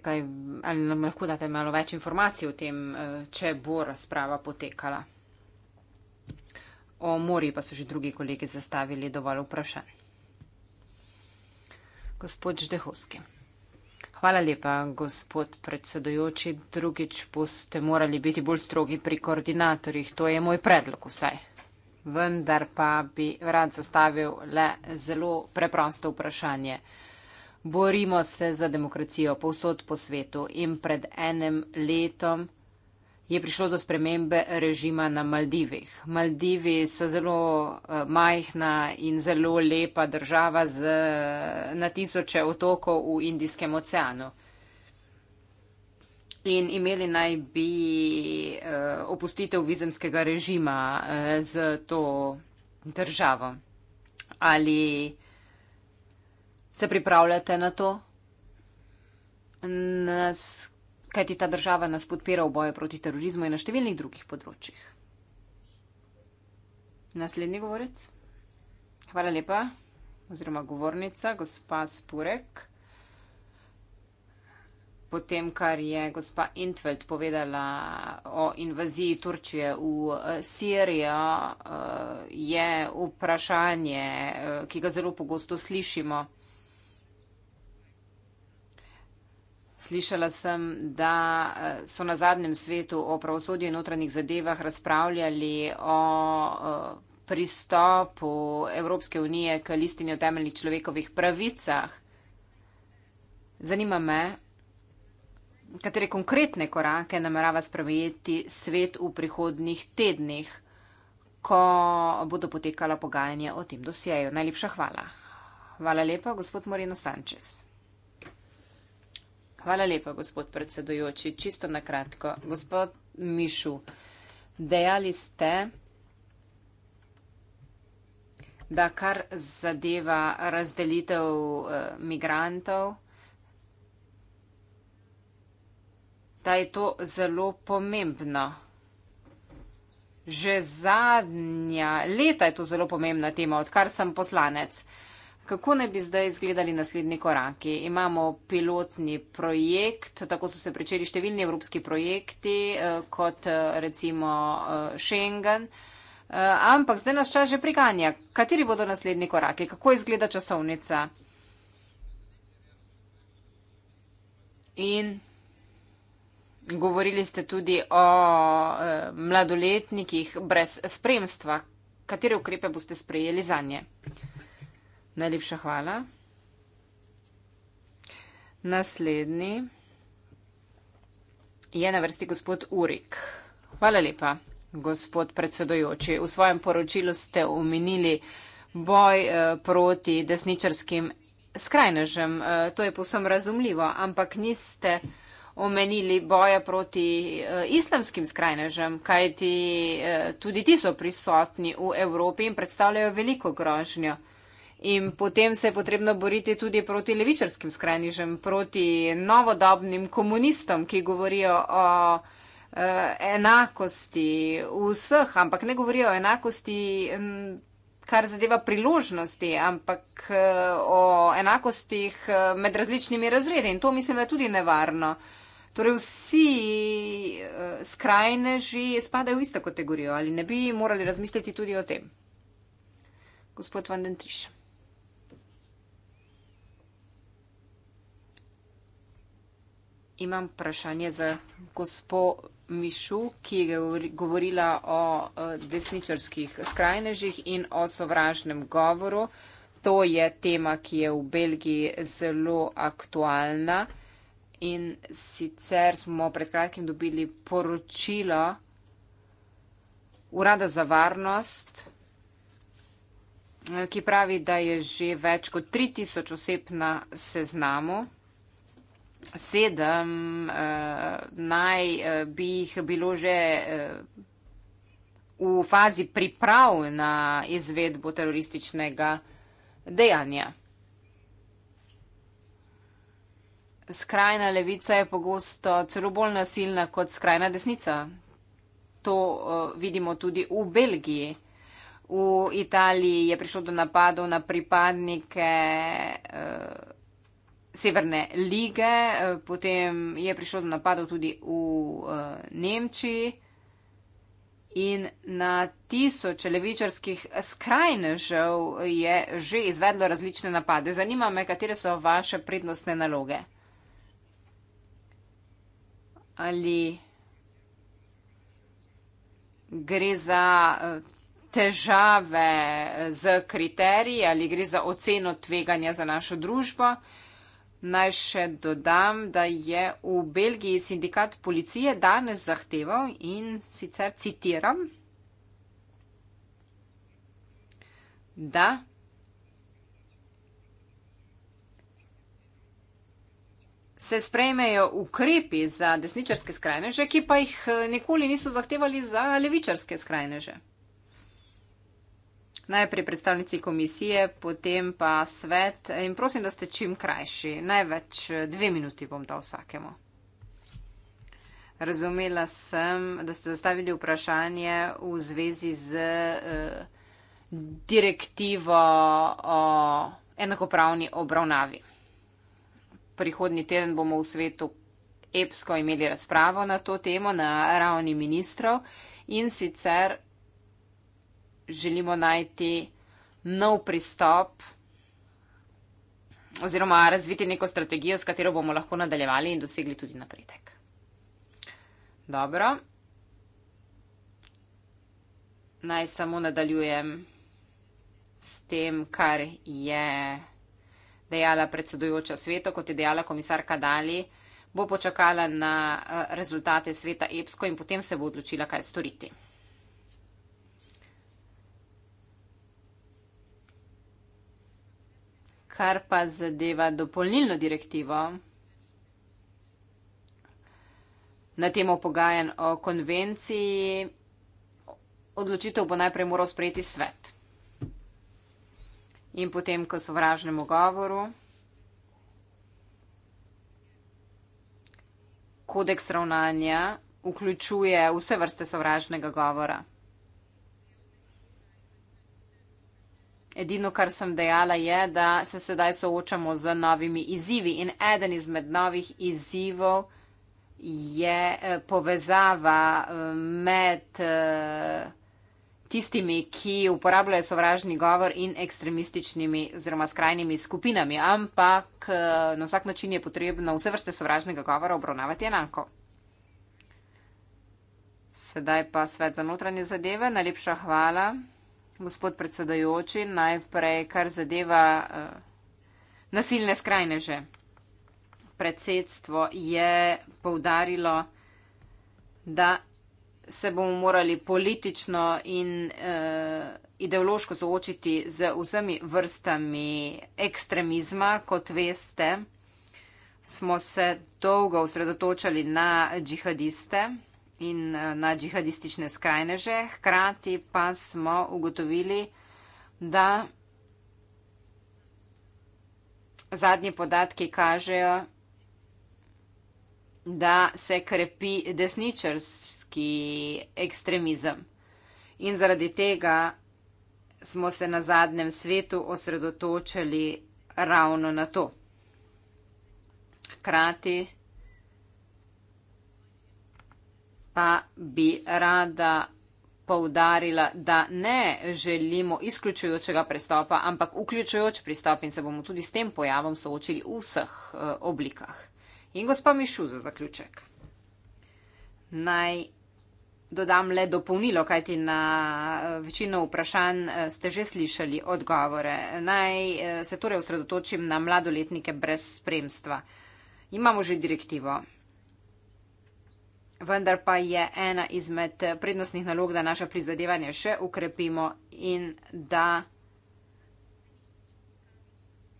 Speaker 3: kaj, ali nam lahko date malo več informacij o tem, eh, če bo razprava potekala? O morju pa so že drugi kolegi zastavili dovolj vprašanj. Gospod Ždehovski. Hvala lepa, gospod predsedojoči. Drugič boste morali biti bolj strogi pri koordinatorjih. To je moj predlog vsaj. Vendar pa bi rad zastavil le zelo preprosto vprašanje. Borimo se za demokracijo povsod po svetu in pred enem letom je prišlo do spremembe režima na Maldivih. Maldivi so zelo eh, majhna in zelo lepa država z, eh, na tisoče otokov v Indijskem oceanu. In imeli naj bi eh, opustitev vizemskega režima z to državo. Ali se pripravljate na to? Nas kajti ta država nas podpira v boju proti terorizmu in na številnih drugih področjih. Naslednji govorec. Hvala lepa, oziroma govornica, gospa Spurek. Potem, kar je gospa Intveld povedala o invaziji Turčije v eh, Sirijo, eh, je vprašanje, eh, ki ga zelo pogosto slišimo. Slišala sem, da eh, so na zadnjem svetu o pravosodju in notranjih zadevah razpravljali o eh, pristopu Evropske unije k listini o temeljnih človekovih pravicah. Zanima me, katere konkretne korake namerava sprejeti svet v prihodnih tednih, ko bodo potekala pogajanja o tem dosjeju. Najlepša hvala. Hvala lepa, gospod Moreno Sančes. Hvala lepa, gospod predsedujoči. Čisto na kratko. Gospod Mišu, dejali ste, da kar zadeva razdelitev eh, migrantov, da je to zelo pomembno. Že zadnja leta je to zelo pomembna tema, odkar sem poslanec. Kako naj bi zdaj izgledali naslednji koraki? Imamo pilotni projekt, tako so se pričeli številni evropski projekti, eh, kot eh, recimo eh, Schengen, ampak zdaj nas čas že priganja. Kateri bodo naslednji koraki? Kako izgleda časovnica? In govorili ste tudi o mladoletnikih brez spremstva. Katere ukrepe boste sprejeli za nje? Najlepša hvala. Naslednji je na vrsti gospod Urik. Hvala lepa, gospod predsedojoči. V svojem poročilu ste omenili boj eh, proti desničarskim skrajnežem. Eh, to je povsem razumljivo, ampak niste omenili boja proti eh, islamskim skrajnežem, kajti tudi ti so prisotni v Evropi in predstavljajo veliko grožnjo. In potem se je potrebno boriti tudi proti levičarskim skrajnižem, proti novodobnim komunistom, ki govorijo o uh, enakosti vseh, ampak ne govorijo o enakosti, kar zadeva priložnosti, ampak uh, o enakostih eh, med različnimi razredi. In to mislim, da je tudi nevarno. Torej vsi skrajneži spadajo v isto kategorijo ali ne bi morali razmisliti tudi o tem. Gospod Vandentriš. Imam vprašanje za gospo Mišu, ki je govorila o e, desničarskih skrajnežih in o sovražnem govoru. To je tema, ki je v Belgiji zelo aktualna. In sicer smo pred kratkim dobili poročilo Urada za varnost, e, ki pravi, da je že več kot 3000 oseb na seznamu sedem, uh, naj uh, bi jih bilo že uh, v fazi priprav na izvedbo terorističnega dejanja. Skrajna levica je pogosto celo bolj nasilna kot skrajna desnica. To uh, vidimo tudi v Belgiji. V Italiji je prišlo do napadov na pripadnike. Uh, Severne lige, eh, potem je prišlo do napadov tudi v eh, Nemčiji in na tisoče levičarskih skrajnežev je že izvedlo različne napade. Zanima me, katere so vaše prednostne naloge. Ali gre za eh, težave z kriteriji, ali gre za oceno tveganja za našo družbo. Naj še dodam, da je v Belgiji sindikat policije danes zahteval in sicer citiram, da se sprejmejo ukrepi za desničarske skrajneže, ki pa jih eh, nikoli niso zahtevali za levičarske skrajneže najprej predstavnici komisije, potem pa svet in prosim, da ste čim krajši. Največ eh, dve minuti bom dal vsakemu. Razumela sem, da ste zastavili vprašanje v zvezi z eh, direktivo o enakopravni obravnavi. Prihodni teden bomo v svetu epsko imeli razpravo na to temo na ravni ministrov in sicer želimo najti nov pristop oziroma razviti neko strategijo, s katero bomo lahko nadaljevali in dosegli tudi napredek. Dobro. Naj samo nadaljujem s tem, kar je dejala predsedujoča sveto, kot je dejala komisarka Dali, bo počakala na eh, rezultate sveta EPSKO in potem se bo odločila, kaj storiti. Kar pa zadeva dopolnilno direktivo na temo pogajan o konvenciji, odločitev bo najprej moral sprejeti svet. In potem, ko so vražnemu govoru, kodeks ravnanja vključuje vse vrste sovražnega govora. Edino, kar sem dejala, je, da se sedaj soočamo z novimi izzivi in eden izmed novih izzivov je eh, povezava eh, med eh, tistimi, ki uporabljajo sovražni govor in ekstremističnimi oziroma skrajnimi skupinami, ampak na vsak način je potrebno vse vrste sovražnega govora obravnavati enako. Sedaj pa svet za notranje zadeve. Najlepša hvala gospod predsedajoči, najprej kar zadeva uh, nasilne skrajneže. Predsedstvo je povdarilo, da se bomo morali politično in uh, ideološko soočiti z vsemi vrstami ekstremizma, kot veste. Smo se dolgo osredotočali na džihadiste in eh, na džihadistične skrajneže. Hkrati pa smo ugotovili, da zadnji podatki kažejo, da se krepi desničarski ekstremizem. In zaradi tega smo se na zadnjem svetu osredotočili ravno na to. Hkrati. pa bi rada poudarila, da ne želimo izključujočega prestopa, ampak vključujoč pristop in se bomo tudi s tem pojavom soočili v vseh eh, oblikah. In gospa Mišu za zaključek. Naj dodam le dopolnilo, kajti na eh, večino vprašanj eh, ste že slišali odgovore. Naj se torej osredotočim na mladoletnike brez spremstva. Imamo že direktivo vendar pa je ena izmed prednostnih nalog, da naše prizadevanje še ukrepimo in da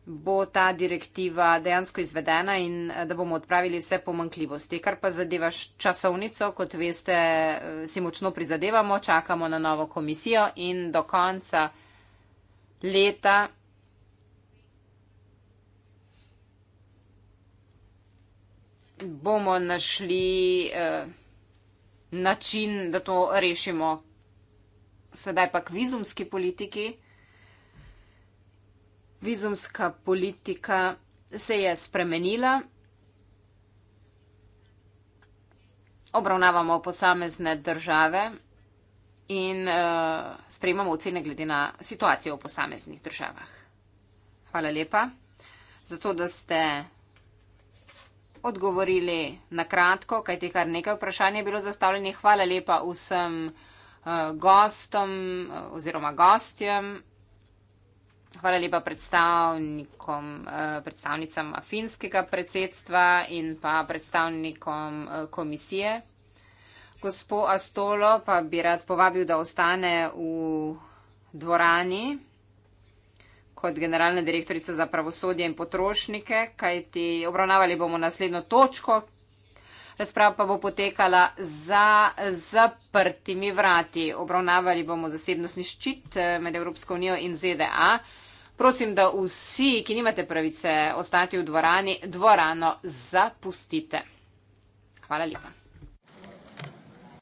Speaker 3: bo ta direktiva dejansko izvedena in eh, da bomo odpravili vse pomankljivosti. Kar pa zadevaš časovnico, kot veste, eh, si močno prizadevamo, čakamo na novo komisijo in do konca leta 2020. bomo našli eh, način, da to rešimo. Sedaj pa k vizumski politiki. Vizumska politika se je spremenila. Obravnavamo posamezne države in uh, sprejemamo ocene glede na situacijo v posameznih državah. Hvala lepa za to, da ste odgovorili na kratko, kajti kar nekaj vprašanj je bilo zastavljenih. Hvala lepa vsem eh, gostom eh, oziroma gostjem. Hvala lepa predstavnikom, eh, predstavnicam finskega predsedstva in pa predstavnikom komisije. Gospod Astolo pa bi rad povabil, da ostane v dvorani kot generalna direktorica za pravosodje in potrošnike, kajti obravnavali bomo naslednjo točko. Razprava pa bo potekala za zaprtimi vrati. Obravnavali bomo zasebnostni ščit eh, med Evropsko unijo in ZDA. Prosim, da vsi, ki nimate pravice ostati v dvorani, dvorano zapustite. Hvala lepa.